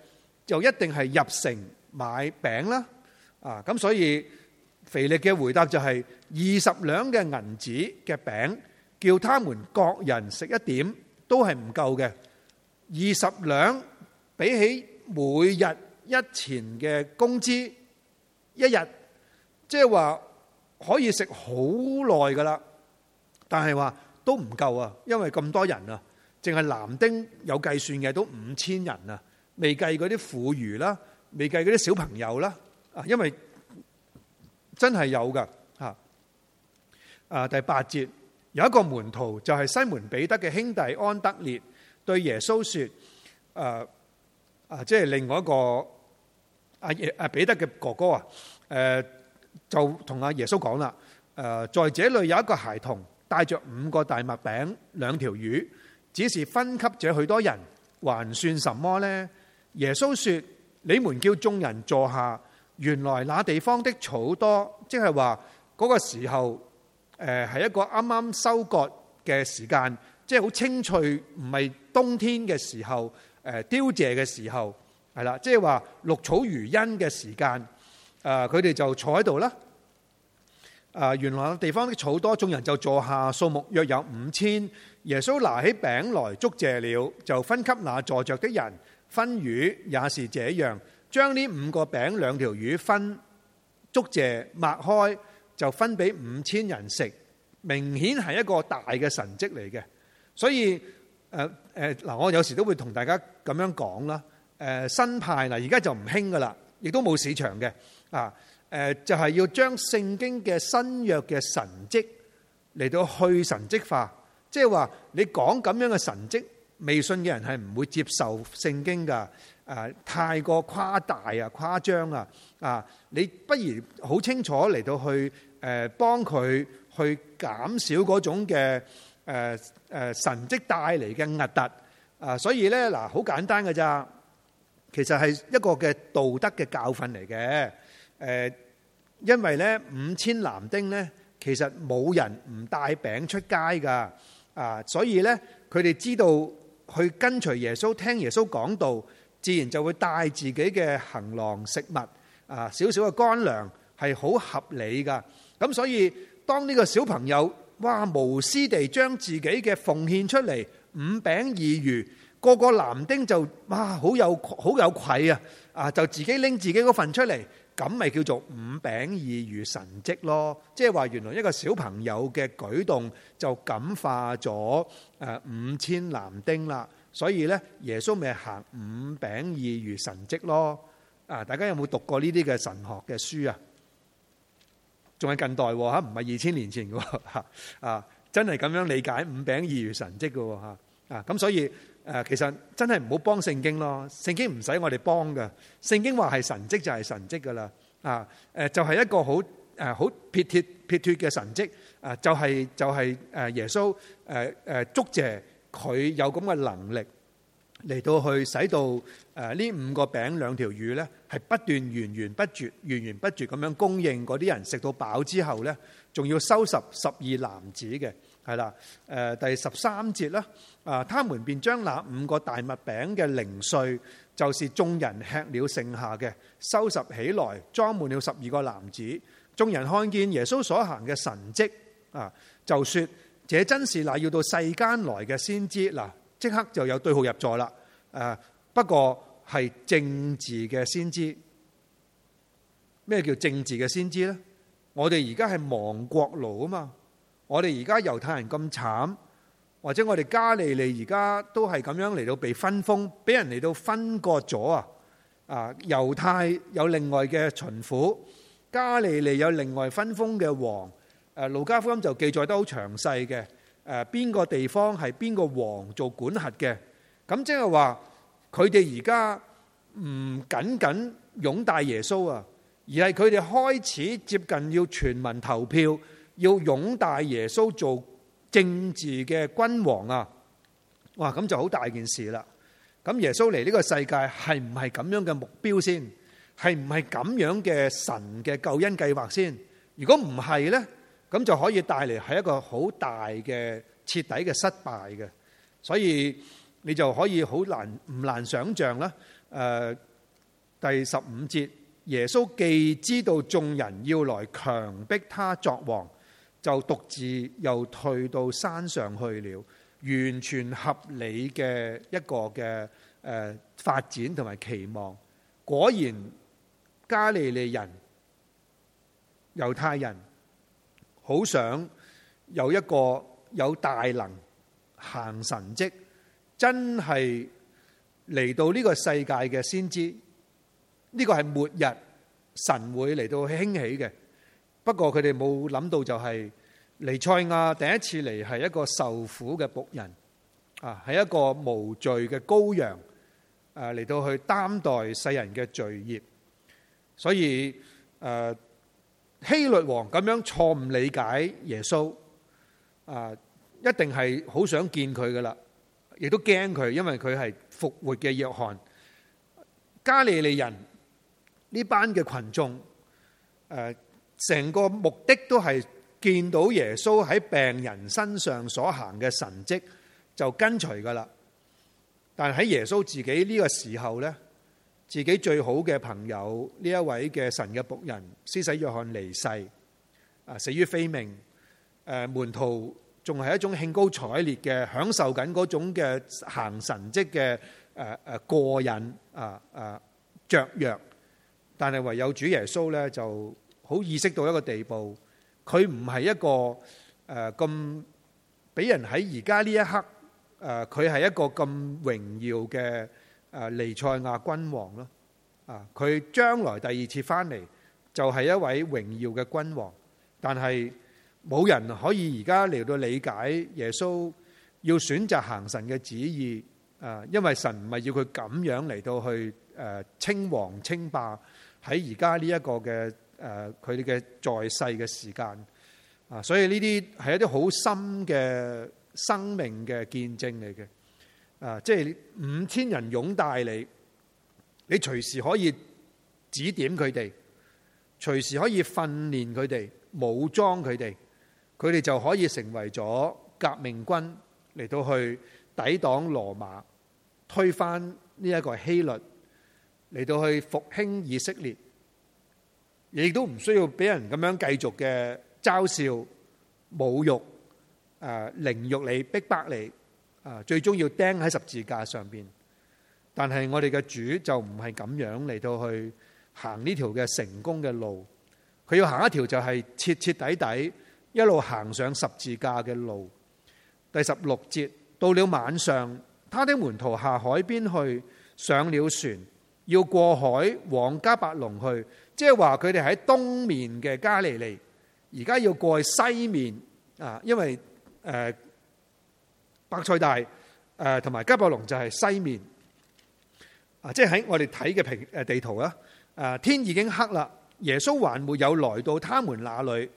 S1: 就一定係入城買餅啦，啊咁所以腓力嘅回答就係二十兩嘅銀子嘅餅，叫他們各人食一點都係唔夠嘅。二十兩比起每日一錢嘅工資，一日即係話可以食好耐㗎喇，但係話都唔夠啊，因為咁多人啊。淨係男丁有計算嘅都五千人啊，未計嗰啲婦孺啦，未計嗰啲小朋友啦，啊，因為真係有㗎吓。啊，第八節有一個門徒就係、是、西門彼得嘅兄弟安德烈，對耶穌説：誒、啊、誒，即、啊、係、就是、另外一個阿耶阿彼得嘅哥哥啊，誒，就同阿耶穌講啦，誒，在這裏有一個孩童帶着五個大麥餅、兩條魚。只是分給這許多人，還算什麼呢？耶穌說：你們叫眾人坐下，原來那地方的草多，即係話嗰個時候，誒、呃、係一個啱啱收割嘅時間，即係好青翠，唔係冬天嘅時候，誒、呃、凋謝嘅時候，係啦，即係話綠草如茵嘅時間，誒佢哋就坐喺度啦。啊！原來地方的草多，眾人就坐下，數目約有五千。耶穌拿起餅來，祝謝了，就分給那坐着的人。分魚也是這樣，將呢五個餅兩條魚分，祝謝擘開，就分俾五千人食。明顯係一個大嘅神蹟嚟嘅。所以誒誒，嗱、呃呃，我有時都會同大家咁樣講啦。誒、呃，新派嗱，而家就唔興㗎喇，亦都冇市場嘅啊。誒就係要將聖經嘅新約嘅神蹟嚟到去神蹟化，即係話你講咁樣嘅神蹟，未信嘅人係唔會接受聖經噶。誒，太過誇大啊、誇張啊！啊，你不如好清楚嚟到去誒幫佢去減少嗰種嘅誒誒神蹟帶嚟嘅壓突啊！所以咧嗱，好簡單㗎咋，其實係一個嘅道德嘅教訓嚟嘅。誒，因為咧五千男丁咧，其實冇人唔帶餅出街噶，啊，所以咧佢哋知道去跟隨耶穌，聽耶穌講道，自然就會帶自己嘅行囊食物，啊，少少嘅乾糧係好合理噶。咁所以當呢個小朋友哇無私地將自己嘅奉獻出嚟，五餅二魚，個個男丁就哇好有好有愧啊，啊，就自己拎自己嗰份出嚟。咁咪叫做五餅二魚神跡咯，即係話原來一個小朋友嘅舉動就感化咗誒五千男丁啦，所以咧耶穌咪行五餅二魚神跡咯，啊，大家有冇讀過呢啲嘅神學嘅書啊？仲係近代吓，唔係二千年前喎。吓，啊真係咁樣理解五餅二魚神跡嘅吓，啊咁所以。誒，其實真係唔好幫聖經咯，聖經唔使我哋幫噶，聖經話係神蹟就係神蹟噶啦，啊，誒就係、是、一個好誒好撇脱撇脱嘅神蹟，啊就係、是、就係、是、誒耶穌誒誒，祝謝，佢有咁嘅能力嚟到去使到誒呢五個餅兩條魚咧，係不斷源源不絕源源不絕咁樣供應嗰啲人食到飽之後咧，仲要收拾十二籃子嘅。係啦，誒第十三節啦，啊，他們便將那五個大麥餅嘅零碎，就是眾人吃了剩下嘅，收拾起來，裝滿了十二個籃子。眾人看見耶穌所行嘅神迹啊，就說這真是那要到世間來嘅先知。嗱，即刻就有對號入座啦。誒，不過係政治嘅先知。咩叫政治嘅先知呢？我哋而家係亡國佬啊嘛。我哋而家猶太人咁慘，或者我哋加利利而家都係咁樣嚟到被分封，俾人嚟到分割咗啊！啊，猶太有另外嘅巡撫，加利利有另外分封嘅王。誒、啊，路加福音就記載得好詳細嘅，誒、啊、邊個地方係邊個王做管轄嘅？咁、啊、即係話佢哋而家唔僅僅擁戴耶穌啊，而係佢哋開始接近要全民投票。要擁戴耶穌做政治嘅君王啊！哇，咁就好大件事啦！咁耶穌嚟呢個世界係唔係咁樣嘅目標先？係唔係咁樣嘅神嘅救恩計劃先？如果唔係呢，咁就可以帶嚟係一個好大嘅徹底嘅失敗嘅。所以你就可以好難唔難想象啦。誒，第十五節，耶穌既知道眾人要來強逼他作王。就獨自又退到山上去了，完全合理嘅一個嘅誒發展同埋期望。果然加利利人、猶太人好想有一個有大能行神蹟、真係嚟到呢個世界嘅先知，呢個係末日神會嚟到興起嘅。不過佢哋冇諗到就係彌賽亞第一次嚟係一個受苦嘅僕人啊，係一個無罪嘅羔羊，誒嚟到去擔待世人嘅罪孽。所以誒希律王咁樣錯誤理解耶穌啊，一定係好想見佢㗎喇，亦都驚佢，因為佢係復活嘅約翰。加利利人呢班嘅群眾誒。成個目的都係見到耶穌喺病人身上所行嘅神跡，就跟隨噶啦。但喺耶穌自己呢個時候呢，自己最好嘅朋友呢，一位嘅神嘅僕人，施洗約翰離世啊，死於非命。誒門徒仲係一種興高采烈嘅享受緊嗰種嘅行神跡嘅誒誒過癮啊，啊雀躍，但係唯有主耶穌呢，就。好意識到一個地步，佢唔係一個誒咁俾人喺而家呢一刻誒，佢係一個咁榮耀嘅誒彌賽亞君王咯。啊，佢將來第二次翻嚟就係一位榮耀嘅君王，但係冇人可以而家嚟到理解耶穌要選擇行神嘅旨意啊，因為神唔係要佢咁樣嚟到去誒稱王稱霸喺而家呢一個嘅。誒，佢哋嘅在世嘅時間啊，所以呢啲係一啲好深嘅生命嘅見證嚟嘅。啊，即係五千人擁戴你，你隨時可以指點佢哋，隨時可以訓練佢哋、武裝佢哋，佢哋就可以成為咗革命軍嚟到去抵擋羅馬，推翻呢一個希律，嚟到去復興以色列。亦都唔需要俾人咁樣繼續嘅嘲笑、侮辱、啊凌辱你、逼迫你，啊最終要釘喺十字架上邊。但係我哋嘅主就唔係咁樣嚟到去行呢條嘅成功嘅路，佢要行一條就係徹徹底底一路行上十字架嘅路。第十六節，到了晚上，他的門徒下海邊去上了船，要過海往迦百農去。即係話佢哋喺東面嘅加利利，而家要過去西面啊，因為誒、呃，伯賽大誒，同埋迦百農就係西面啊。即係喺我哋睇嘅平誒地圖啦。誒、啊，天已經黑啦，耶穌還沒有來到他們那裏。誒、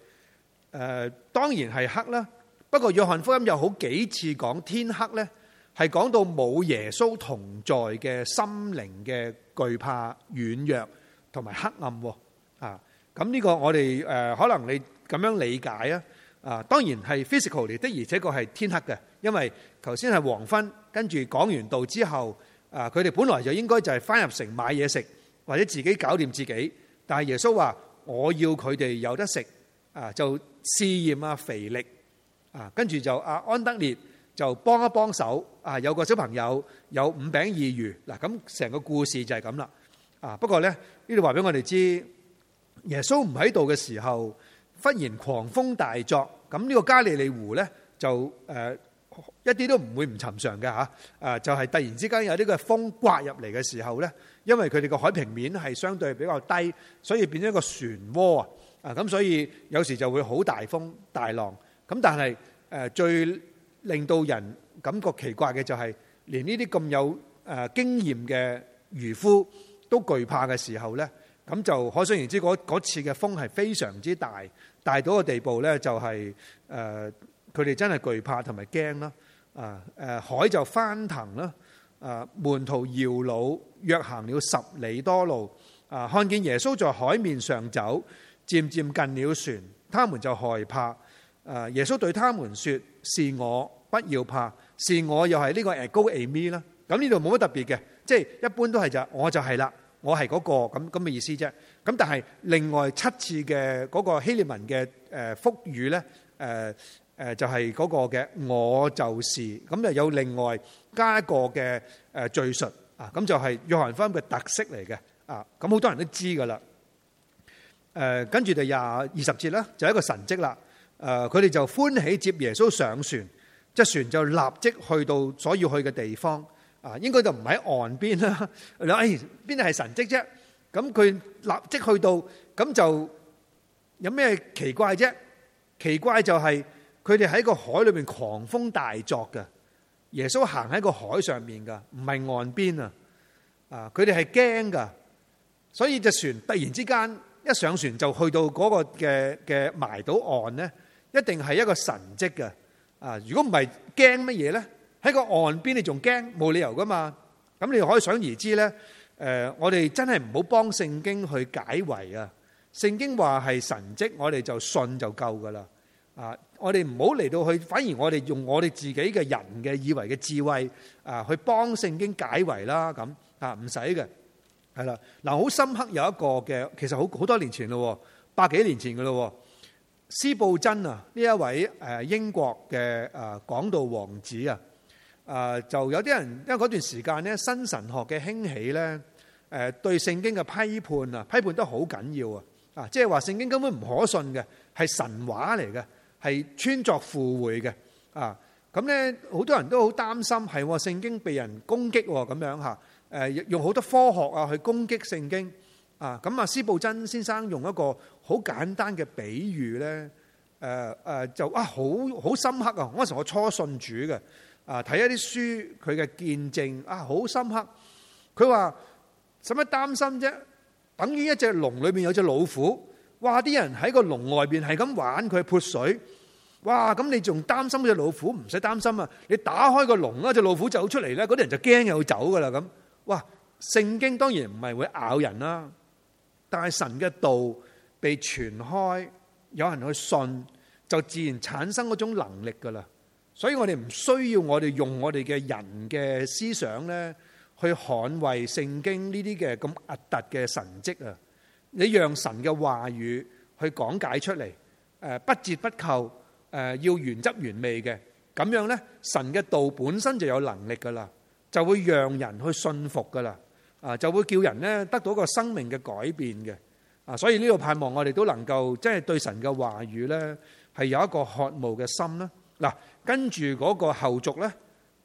S1: 啊，當然係黑啦。不過約翰福音有好幾次講天黑咧，係講到冇耶穌同在嘅心靈嘅懼怕、軟弱。同埋黑暗喎，啊，咁呢個我哋誒可能你咁樣理解啊，啊，當然係 physical 嚟的，而且確係天黑嘅，因為頭先係黃昏，跟住講完道之後，啊，佢哋本來就應該就係返入城買嘢食，或者自己搞掂自己，但係耶穌話我要佢哋有得食，啊，就試驗啊腓力，啊，跟住就阿安德烈就幫一幫手，啊，有個小朋友有五餅二魚，嗱，咁成個故事就係咁啦。啊！不過呢，呢度話俾我哋知，耶穌唔喺度嘅時候，忽然狂風大作。咁、這、呢個加利利湖呢，就、呃、一啲都唔會唔尋常嘅、啊、就係、是、突然之間有呢個風刮入嚟嘅時候呢，因為佢哋個海平面係相對比較低，所以變咗一個漩渦啊！咁，所以有時就會好大風大浪。咁但係、呃、最令到人感覺奇怪嘅就係、是，連呢啲咁有誒、呃、經驗嘅漁夫。都懼怕嘅時候呢，咁就可想而知嗰次嘅風係非常之大，大到個地步呢、就是，就係誒佢哋真係懼怕同埋驚啦。啊、呃、誒海就翻騰啦。啊、呃、門徒搖櫓，約行了十里多路。啊，看見耶穌在海面上走，漸漸近了船，他們就害怕。誒、呃、耶穌對他們説：是我，不要怕，是我又係呢個誒高誒咪啦。咁呢度冇乜特別嘅。即係一般都係就，我就係啦，我係嗰、那個咁咁嘅意思啫。咁但係另外七次嘅嗰個希臘文嘅誒福語咧，誒誒就係、是、嗰個嘅我就是。咁又有另外加一個嘅誒敘述啊，咁就係約翰福音嘅特色嚟嘅啊。咁好多人都知噶啦。誒跟住就廿二十節啦，就是、一個神跡啦。誒佢哋就歡喜接耶穌上船，隻船就立即去到所要去嘅地方。啊，應該就唔喺岸邊啦。邊度係神蹟啫。咁佢立即去到，咁就有咩奇怪啫？奇怪就係佢哋喺個海裏邊狂風大作嘅，耶穌行喺個海上面嘅，唔係岸邊啊。啊，佢哋係驚噶，所以隻船突然之間一上船就去到嗰個嘅嘅埋到岸咧，一定係一個神蹟嘅。啊，如果唔係驚乜嘢咧？喺個岸邊你仲驚，冇理由噶嘛。咁你可想而知咧。誒，我哋真係唔好幫聖經去解圍啊！聖經話係神蹟，我哋就信就夠噶啦。啊，我哋唔好嚟到去，反而我哋用我哋自己嘅人嘅以為嘅智慧啊，去幫聖經解圍啦。咁啊，唔使嘅係啦。嗱，好深刻有一個嘅，其實好好多年前咯，百幾年前噶咯。司布真啊，呢一位誒英國嘅誒講道王子啊。啊，就有啲人，因為嗰段時間咧，新神學嘅興起咧，誒對聖經嘅批判啊，批判得好緊要啊！啊，即係話聖經根本唔可信嘅，係神話嚟嘅，係穿鑿附會嘅啊！咁咧，好多人都好擔心，係、啊、聖經被人攻擊喎，咁樣嚇誒、啊，用好多科學啊去攻擊聖經啊！咁啊，司布真先生用一個好簡單嘅比喻咧，誒、啊、誒、啊、就啊好好深刻啊！嗰陣時我初信主嘅。看啊！睇一啲書，佢嘅見證啊，好深刻。佢話：使乜擔心啫？等於一隻籠裏面有隻老虎，哇！啲人喺個籠外邊係咁玩佢潑水，哇！咁你仲擔心嗰隻老虎？唔使擔心啊！你打開個籠，嗰隻老虎走出嚟咧，嗰啲人就驚又走噶啦咁。哇！聖經當然唔係會咬人啦，但係神嘅道被傳開，有人去信，就自然產生嗰種能力噶啦。所以我哋唔需要我哋用我哋嘅人嘅思想咧去捍衛聖經呢啲嘅咁核突嘅神蹟啊！你讓神嘅話語去講解出嚟，誒不折不扣，誒要原汁原味嘅，咁樣咧神嘅道本身就有能力噶啦，就會讓人去信服噶啦，啊就會叫人咧得到一個生命嘅改變嘅，啊所以呢個盼望我哋都能夠即係對神嘅話語咧係有一個渴慕嘅心啦，嗱。跟住嗰個後續呢，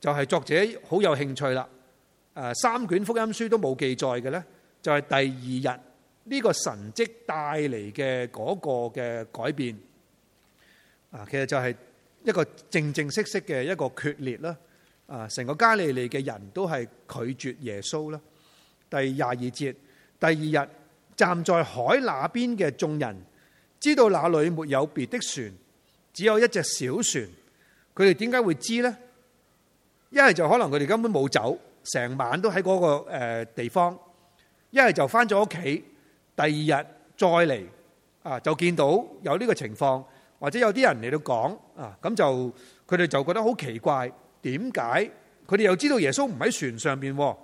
S1: 就係作者好有興趣啦。三卷福音書都冇記載嘅呢，就係、是、第二日呢個神跡帶嚟嘅嗰個嘅改變啊。其實就係一個正正式式嘅一個決裂啦。啊，成個加利利嘅人都係拒絕耶穌啦。第廿二節，第二日站在海那邊嘅眾人知道那裏沒有別的船，只有一隻小船。佢哋點解會知呢？一係就可能佢哋根本冇走，成晚都喺嗰個地方；一係就返咗屋企，第二日再嚟啊，就見到有呢個情況，或者有啲人嚟到講啊，咁就佢哋就覺得好奇怪，點解佢哋又知道耶穌唔喺船上面喎？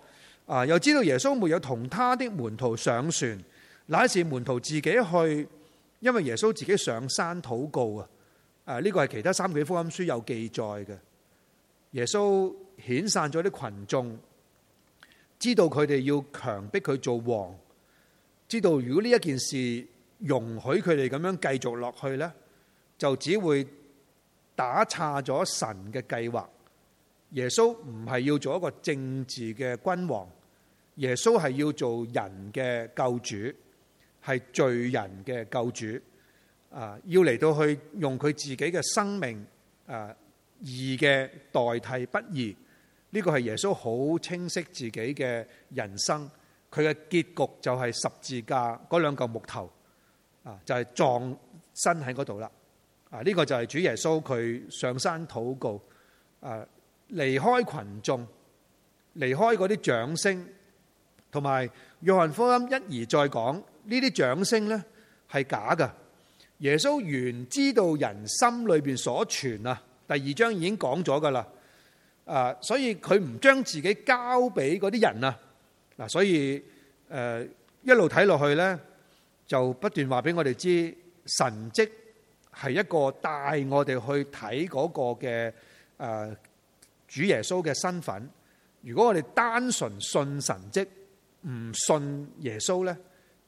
S1: 啊，又知道耶穌沒有同他的門徒上船，那時門徒自己去，因為耶穌自己上山禱告啊。啊！呢個係其他三卷福音書有記載嘅。耶穌遣散咗啲群眾，知道佢哋要強迫佢做王，知道如果呢一件事容許佢哋咁樣繼續落去咧，就只會打岔咗神嘅計劃。耶穌唔係要做一個政治嘅君王，耶穌係要做人嘅救主，係罪人嘅救主。啊！要嚟到去用佢自己嘅生命，啊，義嘅代替不義，呢個係耶穌好清晰自己嘅人生，佢嘅結局就係十字架嗰兩嚿木頭啊，就係葬身喺嗰度啦。啊，呢個就係主耶穌佢上山禱告，啊，離開群眾，離開嗰啲掌聲，同埋約翰福音一而再講，呢啲掌聲咧，係假嘅。耶穌原知道人心裏邊所存啊，第二章已經講咗噶啦，所以佢唔將自己交俾嗰啲人啊，嗱，所以誒一路睇落去呢，就不斷話俾我哋知神蹟係一個帶我哋去睇嗰個嘅誒主耶穌嘅身份。如果我哋單純信神蹟，唔信耶穌呢？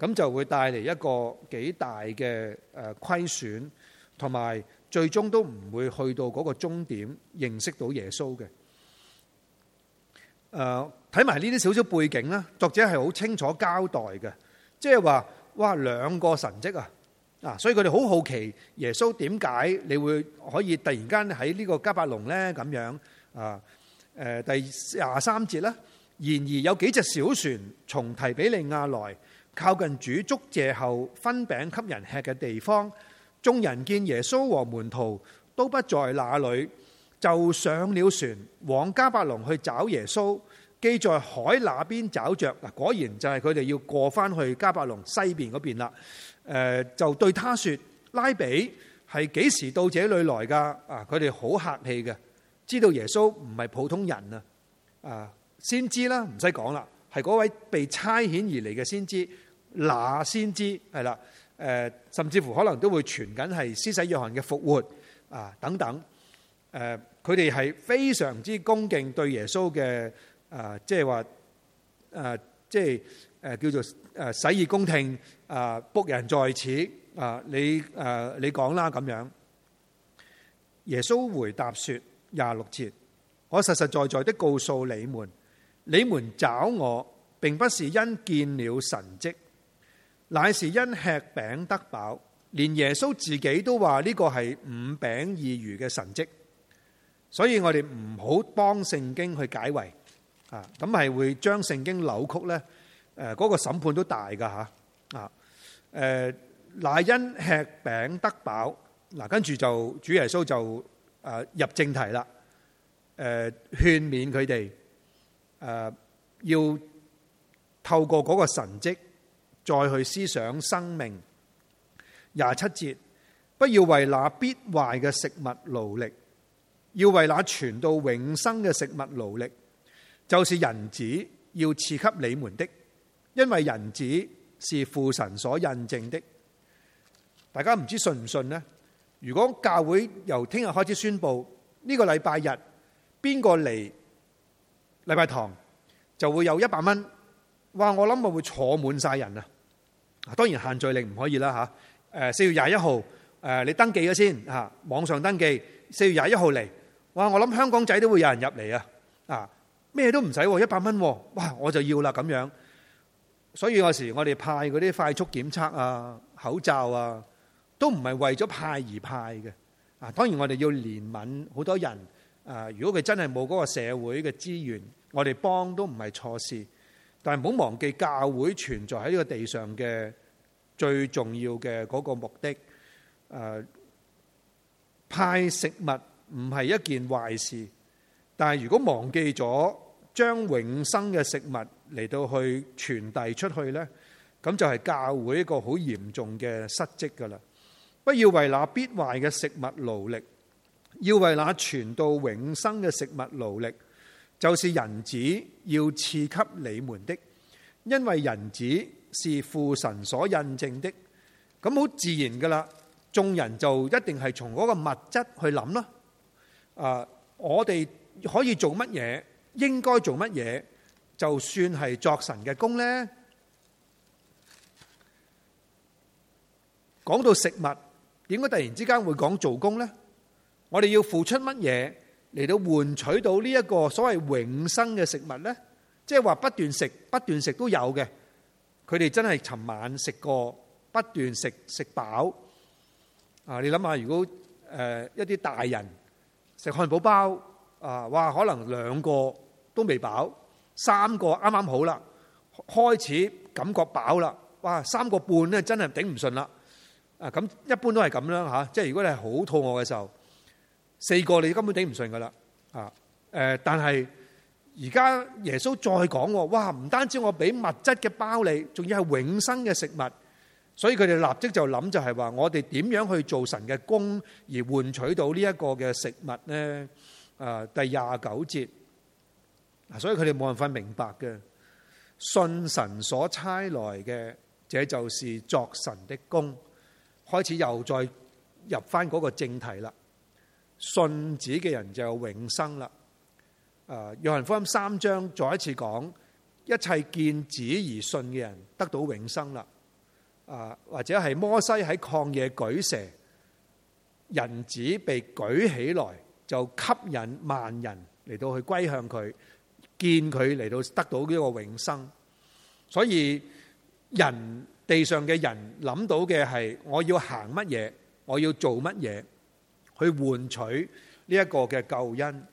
S1: 咁就會帶嚟一個幾大嘅誒虧損，同埋最終都唔會去到嗰個終點，認識到耶穌嘅。誒，睇埋呢啲少少背景啦，作者係好清楚交代嘅，即係話，哇兩個神跡啊，啊，所以佢哋好好奇耶穌點解你會可以突然間喺呢個迦百農呢咁樣啊？誒，第廿三節啦，然而有幾隻小船從提比利亞來。靠近主祝謝後分餅給人吃嘅地方，眾人見耶穌和門徒都不在那裏，就上了船往迦百農去找耶穌。既在海那邊找着嗱，果然就係佢哋要過翻去迦百農西邊嗰邊啦。誒，就對他說：拉比係幾時到這裏來噶？啊，佢哋好客氣嘅，知道耶穌唔係普通人啊。啊，先知啦，唔使講啦。係嗰位被差遣而嚟嘅先知，那先知係啦，誒，甚至乎可能都會傳緊係施洗約翰嘅復活啊，等等。誒、啊，佢哋係非常之恭敬對耶穌嘅，誒、啊，即係話，誒、啊，即係誒、啊，叫做誒洗耳恭聽啊，僕人在此啊，你誒、啊，你講啦咁樣。耶穌回答說：廿六節，我實實在在的告訴你們。你們找我，並不是因見了神蹟，乃是因吃餅得飽。連耶穌自己都話呢個係五餅二魚嘅神蹟，所以我哋唔好幫聖經去解圍啊！咁係會將聖經扭曲咧，誒嗰個審判都大噶吓啊！誒，嗱，乃因吃餅得飽，嗱，跟住就主耶穌就誒入正題啦，誒勸勉佢哋。誒，要透過嗰個神蹟再去思想生命廿七節，不要為那必壞嘅食物勞力，要為那傳到永生嘅食物勞力，就是人子要賜給你們的，因為人子是父神所印證的。大家唔知信唔信呢？如果教會由聽日開始宣布呢個禮拜日邊個嚟？.禮拜堂就會有一百蚊，哇！我諗咪會坐滿晒人啊！當然限聚令唔可以啦嚇。誒，四月廿一號，誒你登記咗先嚇，網上登記四月廿一號嚟，哇！我諗香港仔都會有人入嚟啊！啊，咩都唔使，一百蚊，哇！我就要啦咁樣。所以有時我哋派嗰啲快速檢測啊、口罩啊，都唔係為咗派而派嘅。啊，當然我哋要憐憫好多人。啊！如果佢真係冇嗰個社會嘅資源，我哋幫都唔係錯事。但係唔好忘記教會存在喺呢個地上嘅最重要嘅嗰個目的。誒、呃，派食物唔係一件壞事，但係如果忘記咗將永生嘅食物嚟到去傳遞出去呢，咁就係教會一個好嚴重嘅失職噶啦。不要為那必壞嘅食物勞力。要為那存到永生嘅食物勞力，就是人子要賜給你們的，因為人子是父神所印證的。咁好自然㗎喇，眾人就一定係從嗰個物質去諗囉。啊，我哋可以做乜嘢？應該做乜嘢？就算係作神嘅工呢？講到食物，點解突然之間會講做工呢？我哋要付出乜嘢嚟到換取到呢一個所謂永生嘅食物呢？即係話不斷食、不斷食都有嘅。佢哋真係尋晚食過，不斷食食飽。啊，你諗下，如果誒、呃、一啲大人食漢堡包啊，哇，可能兩個都未飽，三個啱啱好啦，開始感覺飽啦。哇，三個半咧真係頂唔順啦。啊，咁一般都係咁樣吓、啊，即係如果你係好肚餓嘅時候。四個你根本頂唔順噶啦，啊，誒，但係而家耶穌再講，哇，唔單止我俾物質嘅包你，仲要係永生嘅食物，所以佢哋立即就諗就係話，我哋點樣去做神嘅工而換取到呢一個嘅食物呢？啊，第廿九節，所以佢哋冇辦法明白嘅，信神所差來嘅，這就是作神的工，開始又再入翻嗰個正題啦。信子嘅人就有永生啦。誒，約翰福音三章再一次講：一切見子而信嘅人得到永生啦。誒，或者係摩西喺曠野舉蛇，人子被舉起來就吸引萬人嚟到去歸向佢，見佢嚟到得到呢個永生。所以人地上嘅人諗到嘅係我要行乜嘢，我要做乜嘢。去換取呢一個嘅救恩，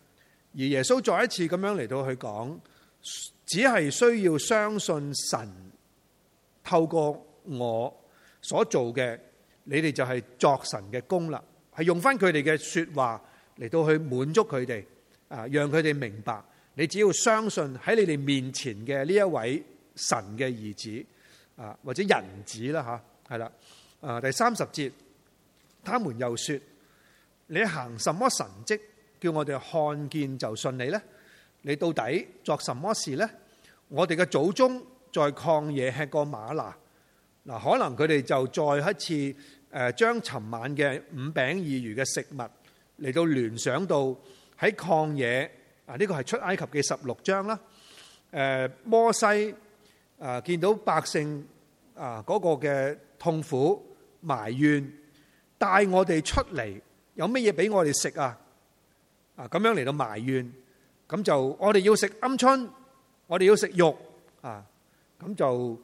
S1: 而耶穌再一次咁樣嚟到去講，只係需要相信神透過我所做嘅，你哋就係作神嘅工啦，係用翻佢哋嘅說話嚟到去滿足佢哋啊，讓佢哋明白，你只要相信喺你哋面前嘅呢一位神嘅兒子啊，或者人子啦吓，係啦。啊第三十節，他們又說。你行什麼神跡，叫我哋看見就信你呢？你到底作什麼事呢？我哋嘅祖宗在曠野吃過嗎哪嗱，可能佢哋就再一次誒將尋晚嘅五餅二魚嘅食物嚟到聯想到喺曠野啊？呢、這個係出埃及嘅十六章啦。誒摩西啊，見到百姓啊嗰個嘅痛苦埋怨，帶我哋出嚟。有乜嘢俾我哋食啊？啊，咁樣嚟到埋怨，咁就我哋要食鵪鶉，我哋要食肉啊，咁就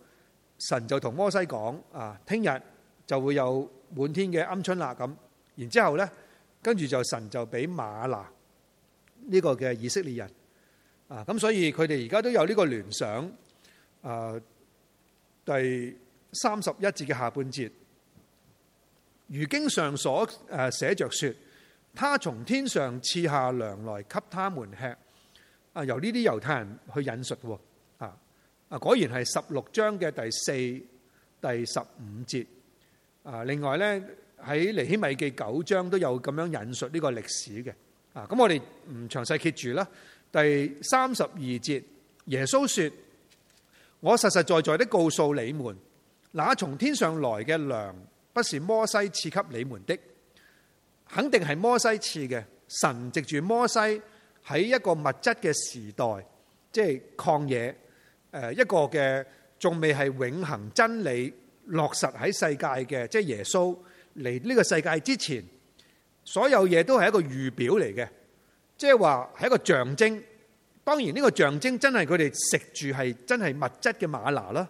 S1: 神就同摩西講啊，聽日就會有滿天嘅鵪鶉啦。咁，然之後咧，跟住就神就俾馬拿呢個嘅以色列人啊，咁所以佢哋而家都有呢個聯想。啊，第三十一節嘅下半節。如經上所誒寫着說，他從天上賜下糧來給他們吃。啊，由呢啲猶太人去引述喎。啊啊，果然係十六章嘅第四、第十五節，啊，另外咧喺尼希米記九章都有咁樣引述呢個歷史嘅。啊，咁我哋唔詳細揭住啦，第三十二節，耶穌說：我實實在在的告訴你們，那從天上來嘅糧。不是摩西賜給你們的，肯定係摩西賜嘅。神藉住摩西喺一個物質嘅時代，即係曠野，誒一個嘅仲未係永恆真理落實喺世界嘅，即係耶穌嚟呢個世界之前，所有嘢都係一個預表嚟嘅，即係話係一個象徵。當然呢個象徵真係佢哋食住係真係物質嘅馬拿啦，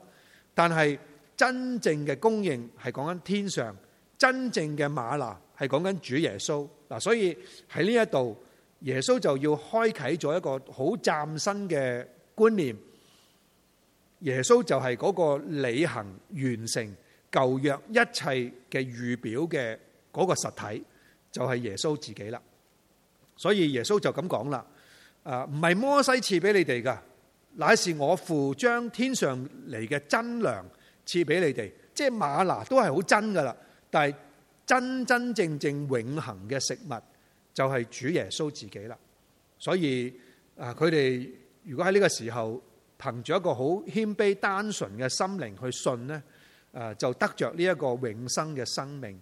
S1: 但係。真正嘅供應係講緊天上，真正嘅馬納係講緊主耶穌嗱，所以喺呢一度耶穌就要開啟咗一個好嶄新嘅觀念。耶穌就係嗰個履行完成舊約一切嘅預表嘅嗰個實體，就係耶穌自己啦。所以耶穌就咁講啦，啊，唔係摩西賜俾你哋噶，乃是我父將天上嚟嘅真糧。賜俾你哋，即係馬拿都係好真噶啦，但係真真正正永恒嘅食物就係主耶穌自己啦。所以啊，佢哋如果喺呢個時候憑住一個好謙卑單純嘅心靈去信呢，啊，就得着呢一個永生嘅生命。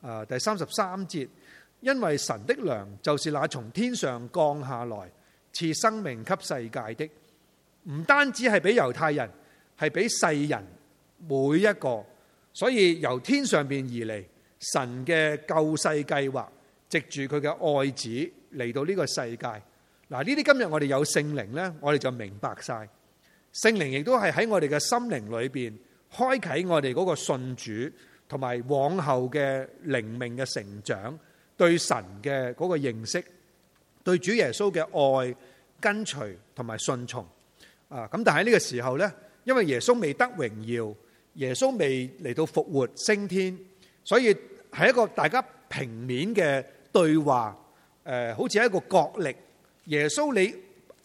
S1: 啊，第三十三節，因為神的糧就是那從天上降下來賜生命給世界的，唔單止係俾猶太人，係俾世人。每一個，所以由天上邊而嚟，神嘅救世計劃，藉住佢嘅愛子嚟到呢個世界。嗱，呢啲今日我哋有聖靈呢，我哋就明白晒。聖靈亦都係喺我哋嘅心靈裏邊開啟我哋嗰個信主，同埋往後嘅靈命嘅成長，對神嘅嗰個認識，對主耶穌嘅愛、跟隨同埋順從。啊，咁但係呢個時候呢，因為耶穌未得榮耀。耶穌未嚟到復活升天，所以係一個大家平面嘅對話。誒、呃，好似係一個角力。耶穌你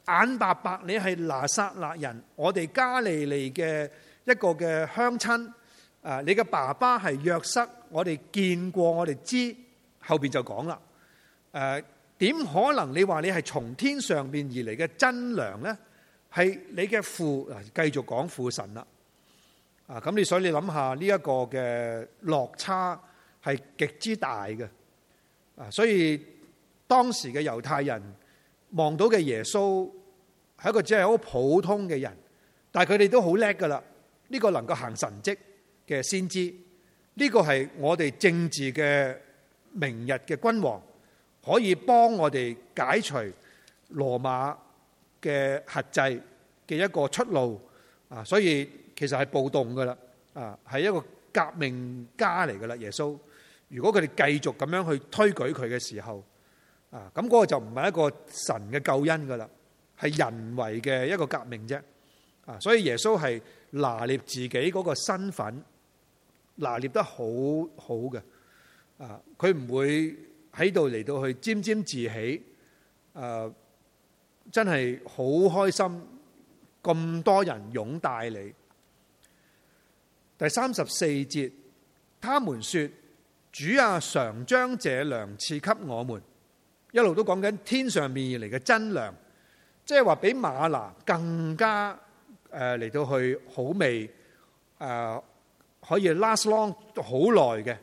S1: 眼白白，你係拿撒勒人，我哋加利利嘅一個嘅鄉親。誒、呃，你嘅爸爸係約瑟，我哋見過，我哋知。後邊就講啦。誒、呃，點可能你話你係從天上面而嚟嘅真糧咧？係你嘅父，繼續講父神啦。啊，咁你所以你諗下呢一個嘅落差係極之大嘅，啊，所以當時嘅猶太人望到嘅耶穌係一個只係好普通嘅人，但係佢哋都好叻㗎喇，呢個能夠行神蹟嘅先知，呢個係我哋政治嘅明日嘅君王，可以幫我哋解除羅馬嘅轄制嘅一個出路，啊，所以。其實係暴動噶啦，啊，係一個革命家嚟噶啦耶穌。如果佢哋繼續咁樣去推舉佢嘅時候，啊，咁嗰個就唔係一個神嘅救恩噶啦，係人為嘅一個革命啫。啊，所以耶穌係拿捏自己嗰個身份，拿捏得好好嘅。啊，佢唔會喺度嚟到去沾沾自喜。誒，啊，真係好開心，咁多人擁戴你。第三十四節，他們說主啊常將這糧賜給我們，一路都講緊天上面而嚟嘅真糧，即係話比馬拿更加誒嚟、呃、到去好味，誒、呃、可以 last long 好耐嘅。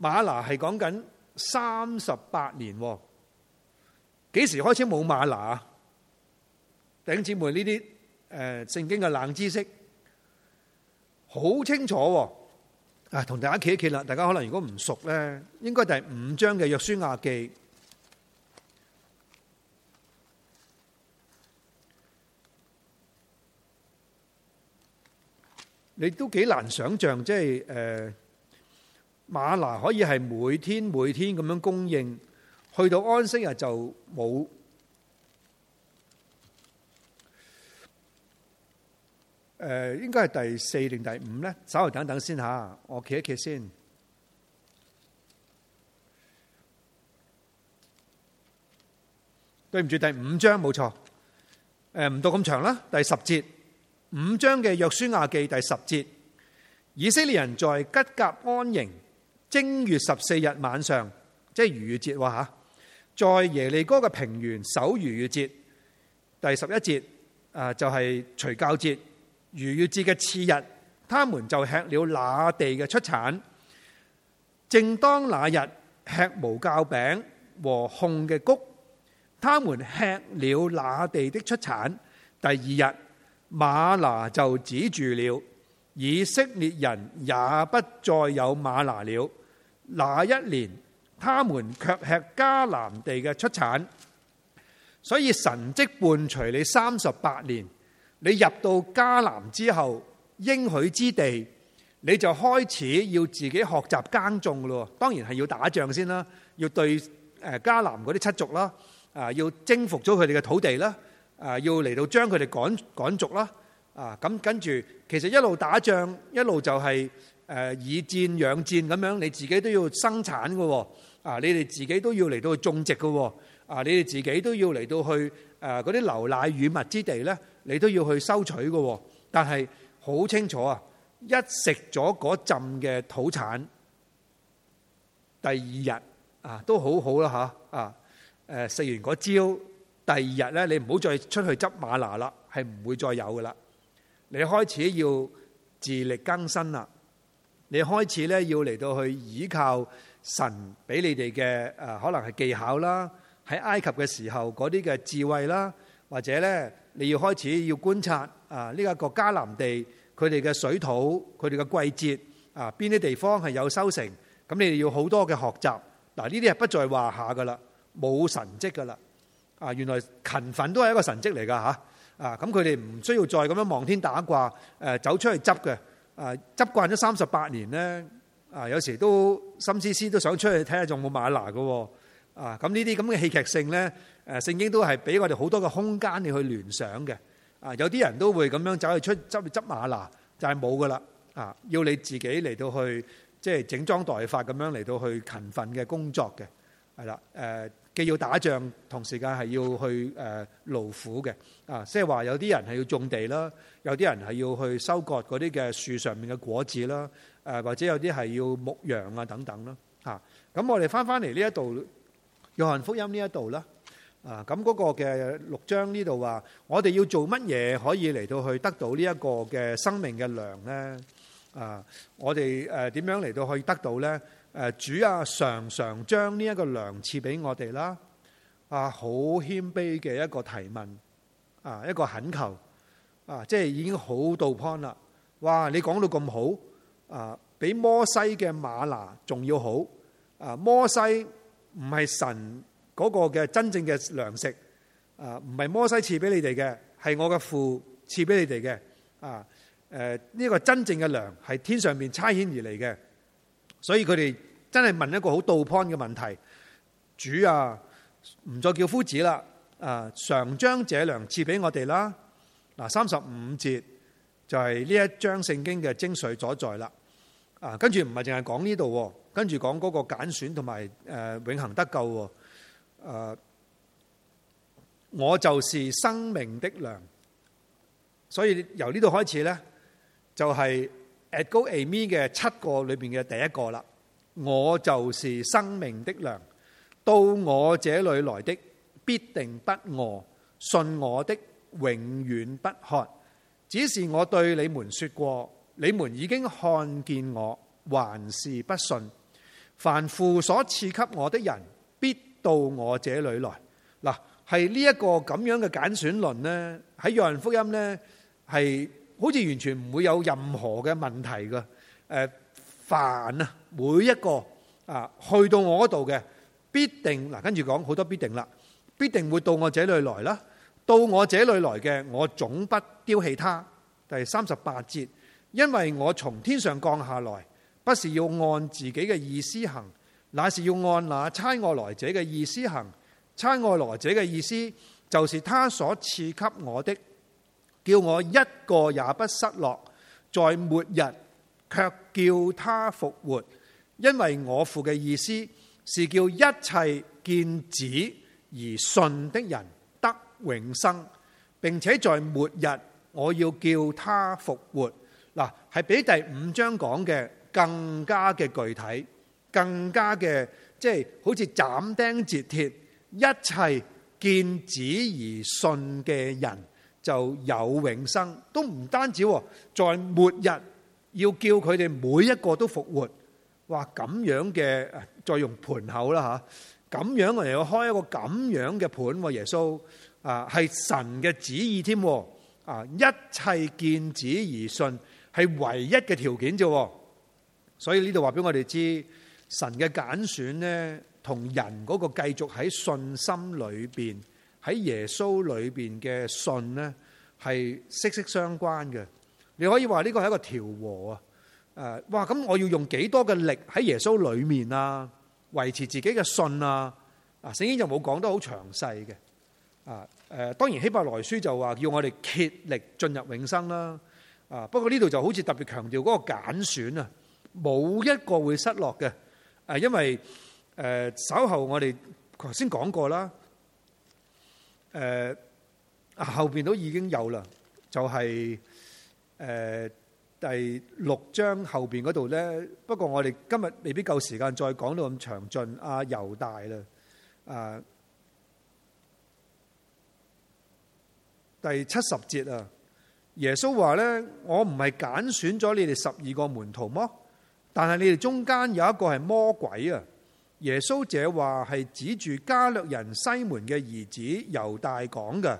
S1: 馬拿係講緊三十八年，幾時開始冇馬拿啊？弟兄姊妹呢啲誒聖經嘅冷知識。好清楚喎，啊，同大家企一企啦。大家可能如果唔熟呢，應該第五章嘅約書亞記。你都幾難想象，即係誒馬拿可以係每天每天咁樣供應，去到安息日就冇。誒，應該係第四定第五咧，稍微等等先嚇，我企一企先。對唔住，第五章冇錯，誒唔到咁長啦。第十節，五章嘅約書亞記第十節，以色列人在吉甲安營，正月十四日晚上，即係逾越節喎嚇，在耶利哥嘅平原守逾越節，第十一節啊就係、是、除酵節。逾越節嘅次日，他們就吃了那地嘅出產。正當那日吃無酵餅和烘嘅穀，他們吃了那地的出產。第二日馬拿就止住了，以色列人也不再有馬拿了。那一年他們卻吃迦南地嘅出產，所以神蹟伴隨你三十八年。你入到迦南之後，應許之地你就開始要自己學習耕種咯。當然係要打仗先啦，要對誒迦南嗰啲七族啦，啊要征服咗佢哋嘅土地啦，啊要嚟到將佢哋趕趕逐啦，啊咁跟住其實一路打仗一路就係誒以戰養戰咁樣，你自己都要生產嘅喎，啊你哋自己都要嚟到種植嘅喎，啊你哋自己都要嚟到去誒嗰啲流奶與蜜之地咧。你都要去收取嘅，但係好清楚啊！一食咗嗰浸嘅土產，第二日啊都好好啦吓，啊！誒食完嗰朝，第二日咧你唔好再出去執馬拿啦，係唔會再有嘅啦。你開始要自力更生啦，你開始咧要嚟到去依靠神俾你哋嘅誒，可能係技巧啦，喺埃及嘅時候嗰啲嘅智慧啦，或者咧。你要開始要觀察啊！呢、這、一個迦南地，佢哋嘅水土，佢哋嘅季節啊，邊啲地方係有收成？咁你哋要好多嘅學習。嗱、啊，呢啲係不在話下噶啦，冇神蹟噶啦。啊，原來勤奮都係一個神蹟嚟噶嚇。啊，咁佢哋唔需要再咁樣望天打卦。誒、啊，走出去執嘅。啊，執慣咗三十八年咧。啊，有時都心思思都想出去睇下仲有冇馬拿嘅。啊，咁呢啲咁嘅戲劇性咧。誒，聖經都係俾我哋好多嘅空間你去聯想嘅。啊，有啲人都會咁樣走去出執執馬拿，就係冇噶啦，啊，要你自己嚟到去即係、就是、整裝待發咁樣嚟到去勤奮嘅工作嘅，係啦，誒，既要打仗，同時間係要去誒勞苦嘅，啊，即係話有啲人係要種地啦，有啲人係要去收割嗰啲嘅樹上面嘅果子啦，誒，或者有啲係要牧羊啊等等啦，嚇，咁我哋翻翻嚟呢一度約翰福音呢一度啦。啊，咁嗰個嘅六章呢度話，我哋要做乜嘢可以嚟到去得到呢一個嘅生命嘅糧呢？啊，我哋誒點樣嚟到可以得到呢？誒，主啊，常常將呢一個糧賜俾我哋啦。啊，好謙卑嘅一個提問，啊，一個懇求，啊，即係已經好到 point 啦。哇，你講到咁好，啊，比摩西嘅馬拿仲要好。啊，摩西唔係神。嗰個嘅真正嘅糧食啊，唔係摩西賜俾你哋嘅，係我嘅父賜俾你哋嘅啊。誒呢一個真正嘅糧係天上邊差遣而嚟嘅，所以佢哋真係問一個好到 point 嘅問題。主啊，唔再叫夫子啦啊，常將這糧賜俾我哋啦。嗱，三十五節就係呢一章聖經嘅精髓所在啦。啊，跟住唔係淨係講呢度，跟住講嗰個揀選同埋誒永恆得救喎。誒、uh, 就是，我就是生命的糧。所以由呢度開始咧，就係 Ego Eimi 嘅七個裏邊嘅第一個啦。我就是生命的糧，到我這裏來的必定不餓，信我的永遠不渴。只是我對你們說過，你們已經看見我，還是不信。凡父所賜給我的人，到我這裏來，嗱，係呢一個咁樣嘅揀選論呢。喺約翰福音呢，係好似完全唔會有任何嘅問題噶，誒，凡啊，每一個啊，去到我嗰度嘅，必定嗱，跟住講好多必定啦，必定會到我這裏來啦，到我這裏來嘅，我總不丟棄他，第三十八節，因為我從天上降下來，不是要按自己嘅意思行。那是要按那差我來者嘅意思行，差我來者嘅意思就是他所賜給我的，叫我一個也不失落，在末日卻叫他復活，因為我父嘅意思是叫一切見子而信的人得永生，並且在末日我要叫他復活。嗱，係比第五章講嘅更加嘅具體。更加嘅，即係好似斬釘截鐵，一切見子而信嘅人就有永生。都唔單止喎，在末日要叫佢哋每一個都復活。哇，咁樣嘅，再用盤口啦嚇，咁樣我哋要開一個咁樣嘅盤喎，耶穌啊，係神嘅旨意添啊，一切見子而信係唯一嘅條件啫。所以呢度話俾我哋知。神嘅揀選呢，同人嗰個繼續喺信心裏邊喺耶穌裏邊嘅信呢，係息息相關嘅。你可以話呢個係一個調和啊！誒，哇！咁我要用幾多嘅力喺耶穌裏面啊，維持自己嘅信啊！啊，聖經就冇講得好詳細嘅。啊，當然希伯來書就話要我哋竭力進入永生啦。啊，不過呢度就好似特別強調嗰個揀選啊，冇一個會失落嘅。因為誒、呃、稍後我哋頭先講過啦，誒、呃、後邊都已經有啦，就係、是、誒、呃、第六章後邊嗰度咧。不過我哋今日未必夠時間再講到咁詳盡。啊，猶大啦，啊、呃、第七十節啊，耶穌話咧：我唔係揀選咗你哋十二個門徒麼？但係你哋中間有一個係魔鬼啊！耶穌這話係指住加略人西門嘅兒子猶大講嘅。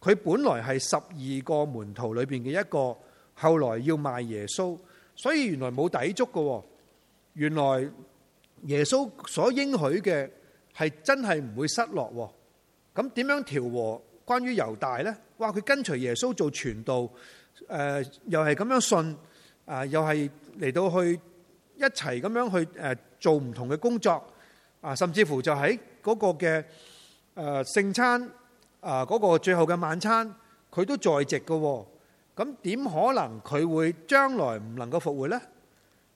S1: 佢本來係十二個門徒裏邊嘅一個，後來要賣耶穌，所以原來冇抵觸嘅。原來耶穌所應許嘅係真係唔會失落。咁點樣調和關於猶大呢？哇！佢跟隨耶穌做傳道，誒、呃，又係咁樣信，呃、又係嚟到去。一齊咁樣去誒做唔同嘅工作，啊，甚至乎就喺嗰個嘅誒聖餐啊，嗰個最後嘅晚餐，佢都在席嘅喎，咁點可能佢會將來唔能夠復活咧？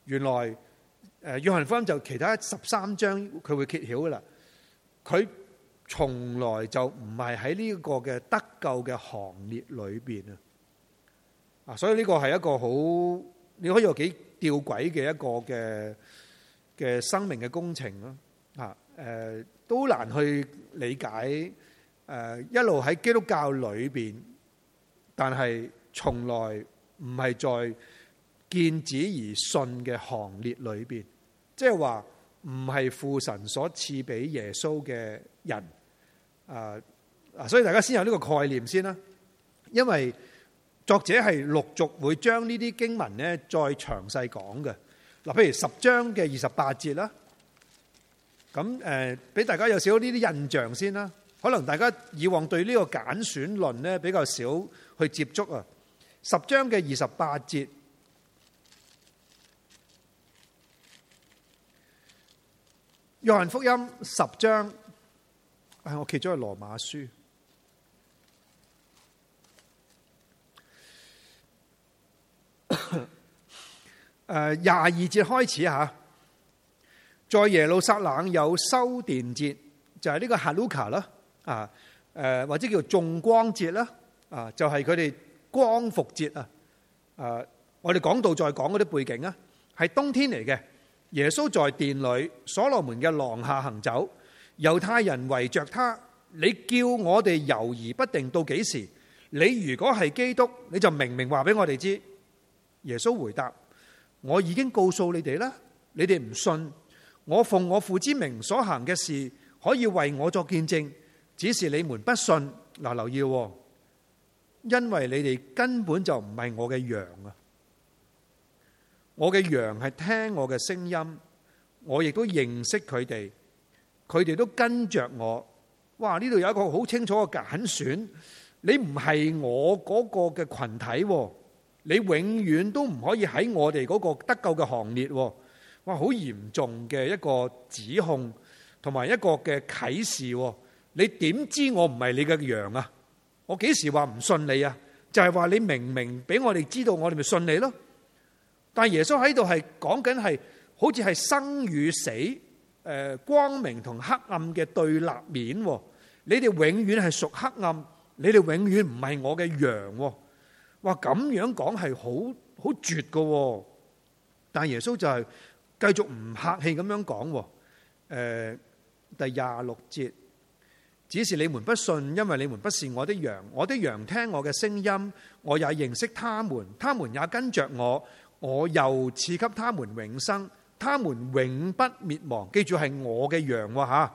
S1: 原來誒約翰福音就其他十三章佢會揭曉嘅啦，佢從來就唔係喺呢個嘅得救嘅行列裏邊啊，啊，所以呢個係一個好你可以有幾？吊詭嘅一個嘅嘅生命嘅工程啦，誒都難去理解，誒一路喺基督教裏邊，但係從來唔係在見子而信嘅行列裏邊，即係話唔係父神所賜俾耶穌嘅人，啊，所以大家先有呢個概念先啦，因為。作者係陸續會將呢啲經文咧，再詳細講嘅嗱，譬如十章嘅二十八節啦，咁誒俾大家有少少呢啲印象先啦。可能大家以往對呢個揀選論咧比較少去接觸啊。十章嘅二十八節，約翰福音十章，係、哎、我攜咗去羅馬書。誒廿二節開始下，在耶路撒冷有修殿節，就係、是、呢個 Haluka 啦，啊或者叫種光節啦，啊就係佢哋光復節啊，我哋講到再講嗰啲背景啊，係冬天嚟嘅。耶穌在殿裏，所羅門嘅廊下行走，猶太人圍着他。你叫我哋猶豫不定到幾時？你如果係基督，你就明明話俾我哋知。耶穌回答。我已經告訴你哋啦，你哋唔信，我奉我父之名所行嘅事，可以為我作見證。只是你們不信，嗱，留意喎，因為你哋根本就唔係我嘅羊啊！我嘅羊係聽我嘅聲音，我亦都認識佢哋，佢哋都跟着我。哇！呢度有一個好清楚嘅揀選，你唔係我嗰個嘅群體喎。你永遠都唔可以喺我哋嗰個得救嘅行列，哇，好嚴重嘅一個指控，同埋一個嘅啟示。你點知我唔係你嘅羊啊？我幾時話唔信你啊？就係話你明明俾我哋知道，我哋咪信你咯。但係耶穌喺度係講緊係，好似係生與死，誒，光明同黑暗嘅對立面。你哋永遠係屬黑暗，你哋永遠唔係我嘅羊。話咁樣講係好好絕噶，但係耶穌就係繼續唔客氣咁樣講。誒，第廿六節，只是你們不信，因為你們不是我的羊，我的羊聽我嘅聲音，我也認識他們，他們也跟着我，我又賜給他們永生，他們永不滅亡。記住係我嘅羊吓，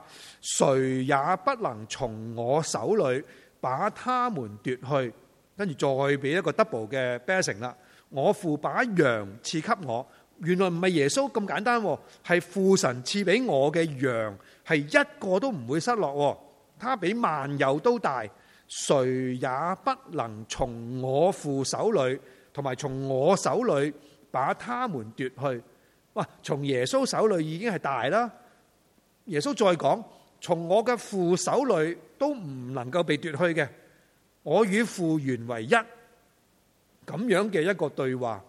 S1: 誰也不能從我手裏把他們奪去。跟住再俾一個 double 嘅 blessing 啦。我父把羊賜給我，原來唔係耶穌咁簡單，係父神賜俾我嘅羊，係一個都唔會失落。他比萬有都大，誰也不能從我父手裏同埋從我手裏把他們奪去。哇！從耶穌手裏已經係大啦。耶穌再講，從我嘅父手裏都唔能夠被奪去嘅。我與父原為一，咁樣嘅一個對話，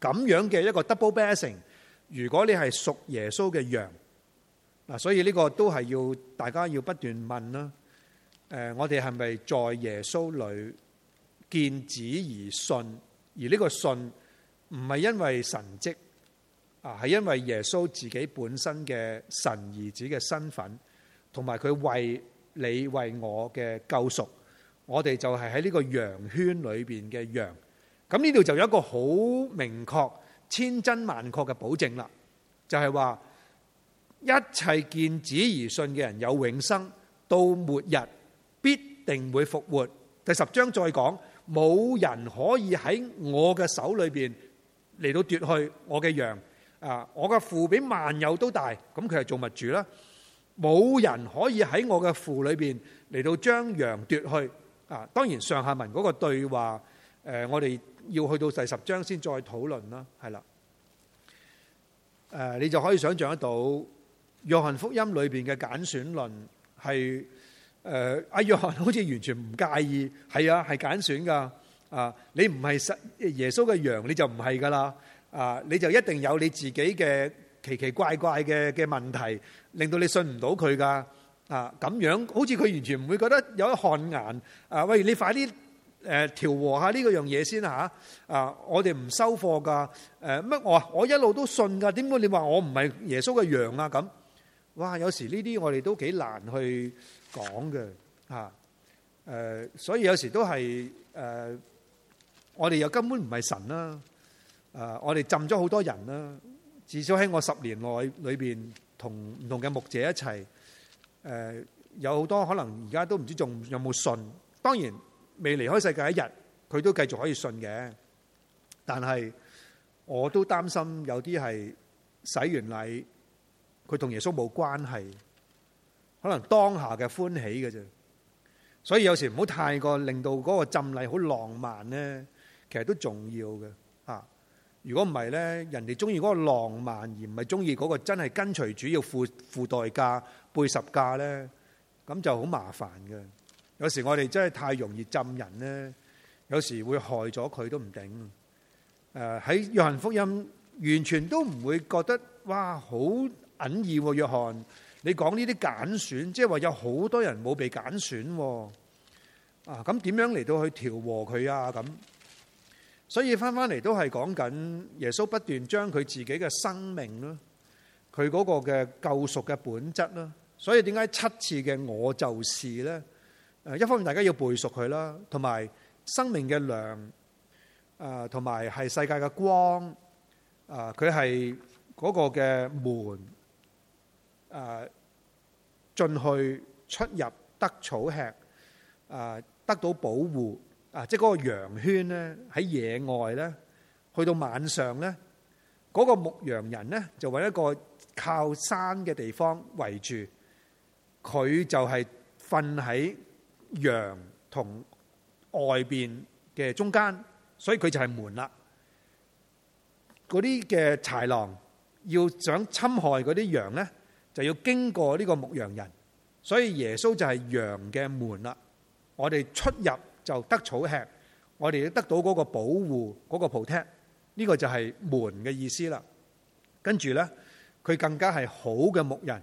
S1: 咁樣嘅一個 double bashing。如果你係屬耶穌嘅羊，嗱，所以呢個都係要大家要不斷問啦。誒，我哋係咪在耶穌裏見子而信？而呢個信唔係因為神蹟，啊，係因為耶穌自己本身嘅神兒子嘅身份，同埋佢為你為我嘅救贖。我哋就係喺呢個羊圈裏邊嘅羊，咁呢度就有一個好明確、千真萬確嘅保證啦，就係話一切見子而信嘅人有永生，到末日必定會復活。第十章再講，冇人可以喺我嘅手裏邊嚟到奪去我嘅羊，啊，我嘅父比萬有都大，咁佢係造物主啦，冇人可以喺我嘅父裏邊嚟到將羊奪去。啊，當然上下文嗰個對話，呃、我哋要去到第十章先再討論啦，係啦。誒、呃，你就可以想像得到，約翰福音裏邊嘅揀選論係誒，阿、呃、約翰好似完全唔介意，係啊，係揀選噶。啊、呃，你唔係耶穌嘅羊，你就唔係噶啦。啊、呃，你就一定有你自己嘅奇奇怪怪嘅嘅問題，令到你信唔到佢噶。啊，咁樣好似佢完全唔會覺得有啲汗顏啊！喂，你快啲誒調和下呢個樣嘢先嚇！啊，我哋唔收貨噶誒乜我啊，我一路都信噶，點解你話我唔係耶穌嘅羊啊咁？哇！有時呢啲我哋都幾難去講嘅嚇誒，所以有時都係誒，我哋又根本唔係神啦！啊，我哋浸咗好多人啦，至少喺我十年內裏邊同唔同嘅牧者一齊。誒、呃、有好多可能而家都唔知仲有冇信，當然未離開世界一日，佢都繼續可以信嘅。但係我都擔心有啲係洗完禮，佢同耶穌冇關係，可能當下嘅歡喜嘅啫。所以有時唔好太過令到嗰個浸禮好浪漫咧，其實都重要嘅啊！如果唔係咧，人哋鍾意嗰個浪漫而唔係鍾意嗰個真係跟隨主要付付代價。背十架咧，咁就好麻煩嘅。有時我哋真係太容易浸人咧，有時會害咗佢都唔定。誒，喺約翰福音完全都唔會覺得哇好哽耳喎，約翰你講呢啲揀選，即係話有好多人冇被揀選。啊，咁點樣嚟到去調和佢啊？咁所以翻翻嚟都係講緊耶穌不斷將佢自己嘅生命咯，佢嗰個嘅救贖嘅本質咯。所以點解七次嘅我就是咧？誒，一方面大家要背熟佢啦，同埋生命嘅糧，誒，同埋係世界嘅光，誒，佢係嗰個嘅門，誒，進去出入得草吃，誒，得到保護，誒，即係嗰個羊圈咧喺野外咧，去到晚上咧，嗰、嗰個牧羊人咧就揾一個靠山嘅地方圍住。佢就係瞓喺羊同外邊嘅中間，所以佢就係門啦。嗰啲嘅豺狼要想侵害嗰啲羊咧，就要經過呢個牧羊人，所以耶穌就係羊嘅門啦。我哋出入就得草吃，我哋要得到嗰個保護，嗰個蒲踢，呢個就係門嘅意思啦。跟住咧，佢更加係好嘅牧人。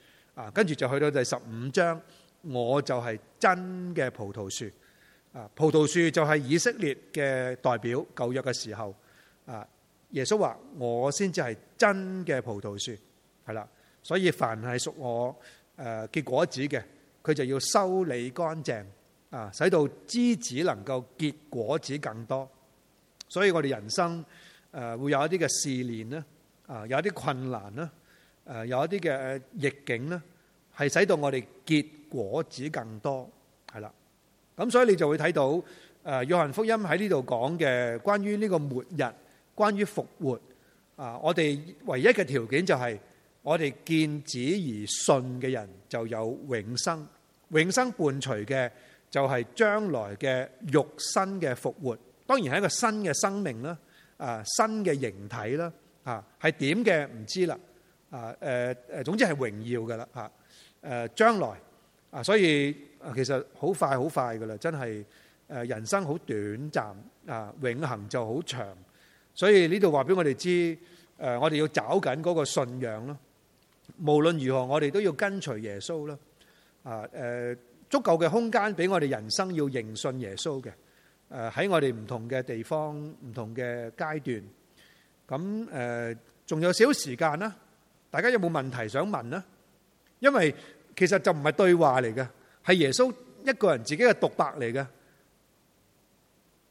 S1: 啊，跟住就去到第十五章，我就係真嘅葡萄樹。啊，葡萄樹就係以色列嘅代表，舊約嘅時候。啊，耶穌話我先至係真嘅葡萄樹，係啦。所以凡係屬我誒結果子嘅，佢就要修理乾淨，啊，使到枝子能夠結果子更多。所以我哋人生誒會有一啲嘅試煉啦，啊，有一啲困難啦。誒有一啲嘅逆境咧，係使到我哋結果子更多係啦。咁所以你就會睇到誒約翰福音喺呢度講嘅關於呢個末日、關於復活啊，我哋唯一嘅條件就係、是、我哋見子而信嘅人就有永生，永生伴隨嘅就係將來嘅肉身嘅復活。當然係一個新嘅生命啦，啊，新嘅形體啦，啊，係點嘅唔知啦。啊！誒誒，總之係榮耀噶啦，嚇誒，將來啊，所以其實好快好快噶啦，真係誒人生好短暫啊，永恆就好長，所以呢度話俾我哋知誒，我哋要找緊嗰個信仰咯。無論如何，我哋都要跟隨耶穌咯啊！誒，足夠嘅空間俾我哋人生要認信耶穌嘅誒，喺我哋唔同嘅地方、唔同嘅階段，咁誒仲有少少時間啦。大家有冇問題想問呢？因為其實就唔係對話嚟嘅，係耶穌一個人自己嘅獨白嚟嘅。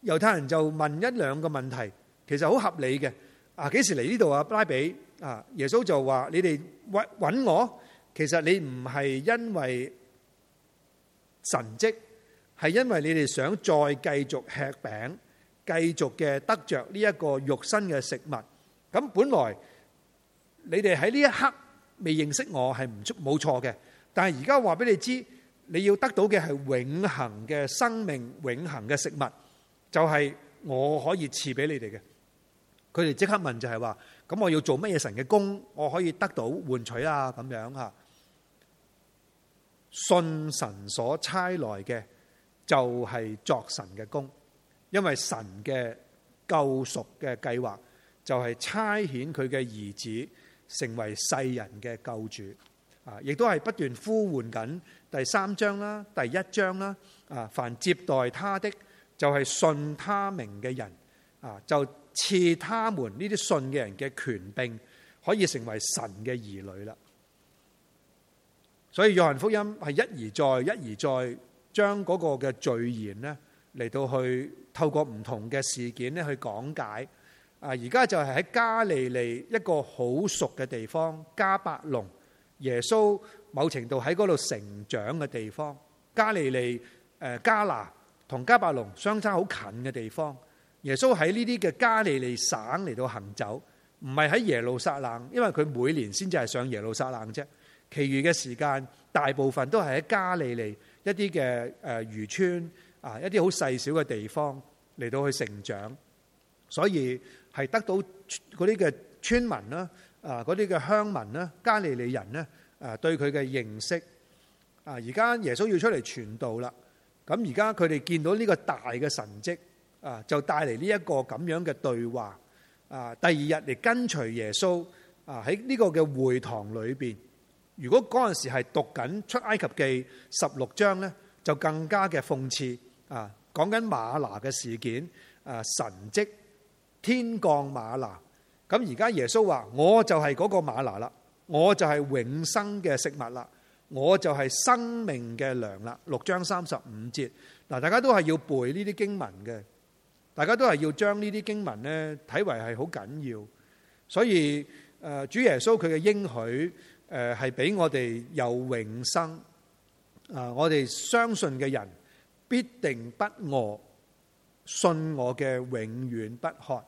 S1: 猶太人就問一兩個問題，其實好合理嘅。啊，幾時嚟呢度啊，拉比啊？耶穌就話：你哋搵搵我，其實你唔係因為神蹟，係因為你哋想再繼續吃餅，繼續嘅得著呢一個肉身嘅食物。咁本來。你哋喺呢一刻未認識我係唔出冇錯嘅，但係而家話俾你知，你要得到嘅係永恆嘅生命、永恆嘅食物，就係我可以賜俾你哋嘅。佢哋即刻問就係話：，咁我要做乜嘢神嘅工，我可以得到換取啊？咁樣嚇，信神所差來嘅就係作神嘅工，因為神嘅救贖嘅計劃就係差遣佢嘅兒子。成為世人嘅救主啊，亦都係不斷呼喚緊第三章啦，第一章啦啊，凡接待他的就係、是、信他名嘅人啊，就賜他們呢啲信嘅人嘅權柄，可以成為神嘅兒女啦。所以約翰福音係一而再、一而再將的，將嗰個嘅序言呢嚟到去透過唔同嘅事件咧去講解。啊！而家就係喺加利利一個好熟嘅地方——迦百農，耶穌某程度喺嗰度成長嘅地方。加利利、誒迦拿同迦百農相差好近嘅地方。耶穌喺呢啲嘅加利利省嚟到行走，唔係喺耶路撒冷，因為佢每年先至係上耶路撒冷啫。其餘嘅時間，大部分都係喺加利利一啲嘅誒漁村啊，一啲好細小嘅地方嚟到去成長，所以。係得到嗰啲嘅村民啦，啊嗰啲嘅鄉民啦、加利利人呢，啊對佢嘅認識，啊而家耶穌要出嚟傳道啦，咁而家佢哋見到呢個大嘅神蹟，啊就帶嚟呢一個咁樣嘅對話，啊第二日嚟跟隨耶穌，啊喺呢個嘅會堂裏邊，如果嗰陣時係讀緊出埃及記十六章呢，就更加嘅諷刺，啊講緊馬拿嘅事件，啊神蹟。天降馬拿，咁而家耶穌話：我就係嗰個馬拿啦，我就係永生嘅食物啦，我就係生命嘅糧啦。六章三十五節，嗱，大家都係要背呢啲經文嘅，大家都係要將呢啲經文呢睇為係好緊要。所以，誒，主耶穌佢嘅應許，誒，係俾我哋有永生。啊，我哋相信嘅人必定不餓。信我嘅永遠不渴。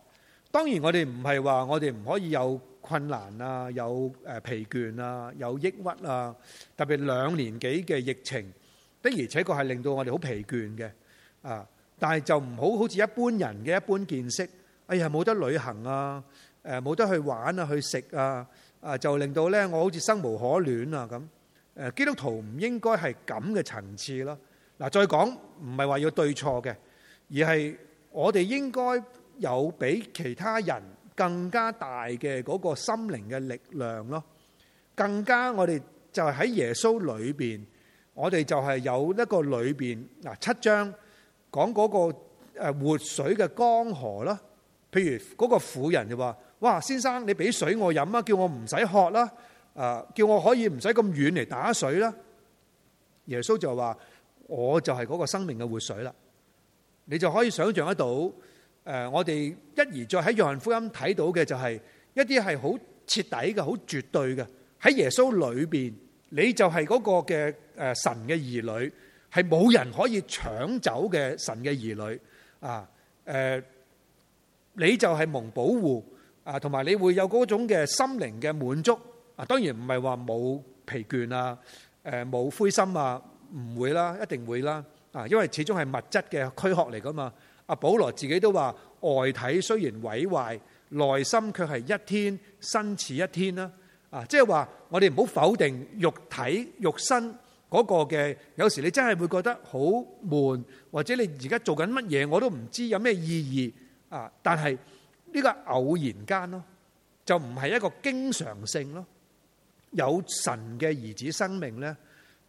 S1: 當然，我哋唔係話我哋唔可以有困難啊，有誒疲倦啊，有抑鬱啊。特別兩年幾嘅疫情。的而且確係令到我哋好疲倦嘅啊。但係就唔好好似一般人嘅一般見識，哎呀冇得旅行啊，誒冇得去玩啊，去食啊啊，就令到咧我好似生無可戀啊咁誒。基督徒唔應該係咁嘅層次咯。嗱，再講唔係話要對錯嘅。而係我哋應該有比其他人更加大嘅嗰個心靈嘅力量咯，更加我哋就喺耶穌裏邊，我哋就係有一個裏邊嗱七章講嗰個誒活水嘅江河啦。譬如嗰個婦人就話：哇，先生你俾水我飲啊，叫我唔使渴啦，誒，叫我可以唔使咁遠嚟打水啦。耶穌就話：我就係嗰個生命嘅活水啦。你就可以想象得到，誒，我哋一而再喺《約翰福音》睇到嘅就係一啲係好徹底嘅、好絕對嘅。喺耶穌裏邊，你就係嗰個嘅誒神嘅兒女，係冇人可以搶走嘅神嘅兒女。啊，誒，你就係蒙保護啊，同埋你會有嗰種嘅心靈嘅滿足。啊，當然唔係話冇疲倦啊，誒，冇灰心啊，唔會啦，一定會啦。啊，因為始終係物質嘅軀殼嚟噶嘛。阿保羅自己都話：外體雖然毀壞，內心卻係一天新似一天啦。啊，即係話我哋唔好否定肉體、肉身嗰個嘅，有時你真係會覺得好悶，或者你而家做緊乜嘢我都唔知有咩意義啊。但係呢個是偶然間咯，就唔係一個經常性咯。有神嘅兒子生命咧。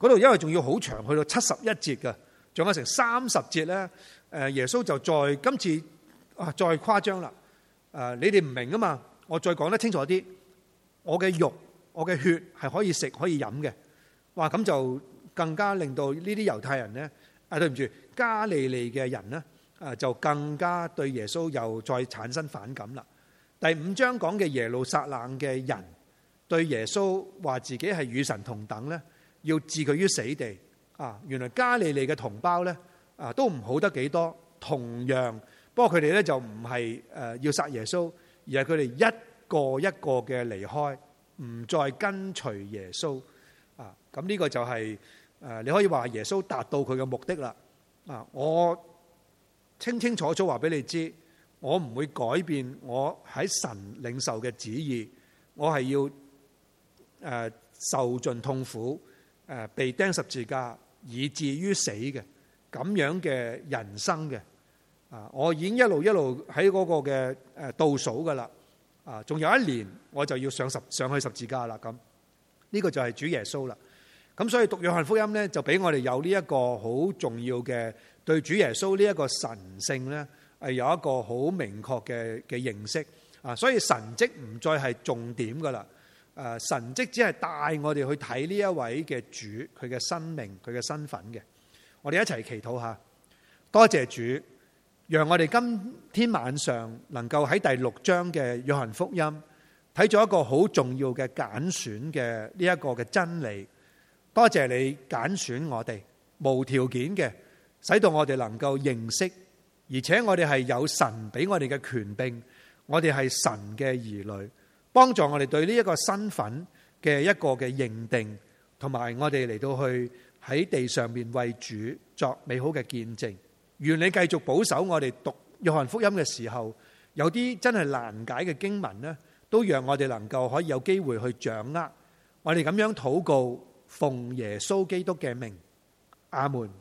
S1: 嗰度因為仲要好長，去到七十一節㗎，仲有成三十節咧。誒，耶穌就再今次啊，再誇張啦。誒，你哋唔明啊嘛，我再講得清楚啲。我嘅肉、我嘅血係可以食、可以飲嘅。哇，咁就更加令到呢啲猶太人呢。啊，對唔住，加利利嘅人呢，就更加對耶穌又再產生反感啦。第五章講嘅耶路撒冷嘅人對耶穌話自己係與神同等咧。要置佢於死地啊！原來加利利嘅同胞咧，啊都唔好得幾多。同樣，不過佢哋咧就唔係誒要殺耶穌，而係佢哋一個一個嘅離開，唔再跟隨耶穌啊！咁、這、呢個就係誒你可以話耶穌達到佢嘅目的啦。啊，我清清楚楚話俾你知，我唔會改變我喺神領受嘅旨意，我係要誒受盡痛苦。誒被釘十字架，以至於死嘅咁樣嘅人生嘅，啊，我已經一路一路喺嗰個嘅誒倒數噶啦，啊，仲有一年我就要上十上去十字架啦咁，呢個就係主耶穌啦，咁所以讀約翰福音咧，就俾我哋有呢一個好重要嘅對主耶穌呢一個神性咧，係有一個好明確嘅嘅認識啊，所以神蹟唔再係重點噶啦。誒，神蹟只係帶我哋去睇呢一位嘅主，佢嘅生命，佢嘅身份嘅。我哋一齊祈禱下，多謝主，讓我哋今天晚上能夠喺第六章嘅約翰福音睇咗一個好重要嘅揀選嘅呢一個嘅真理。多謝你揀選我哋，無條件嘅，使到我哋能夠認識，而且我哋係有神俾我哋嘅權柄，我哋係神嘅兒女。幫助我哋對呢一個身份嘅一個嘅認定，同埋我哋嚟到去喺地上面為主作美好嘅見證。願你繼續保守我哋讀約翰福音嘅時候，有啲真係難解嘅經文呢，都讓我哋能夠可以有機會去掌握。我哋咁樣禱告，奉耶穌基督嘅名。阿門。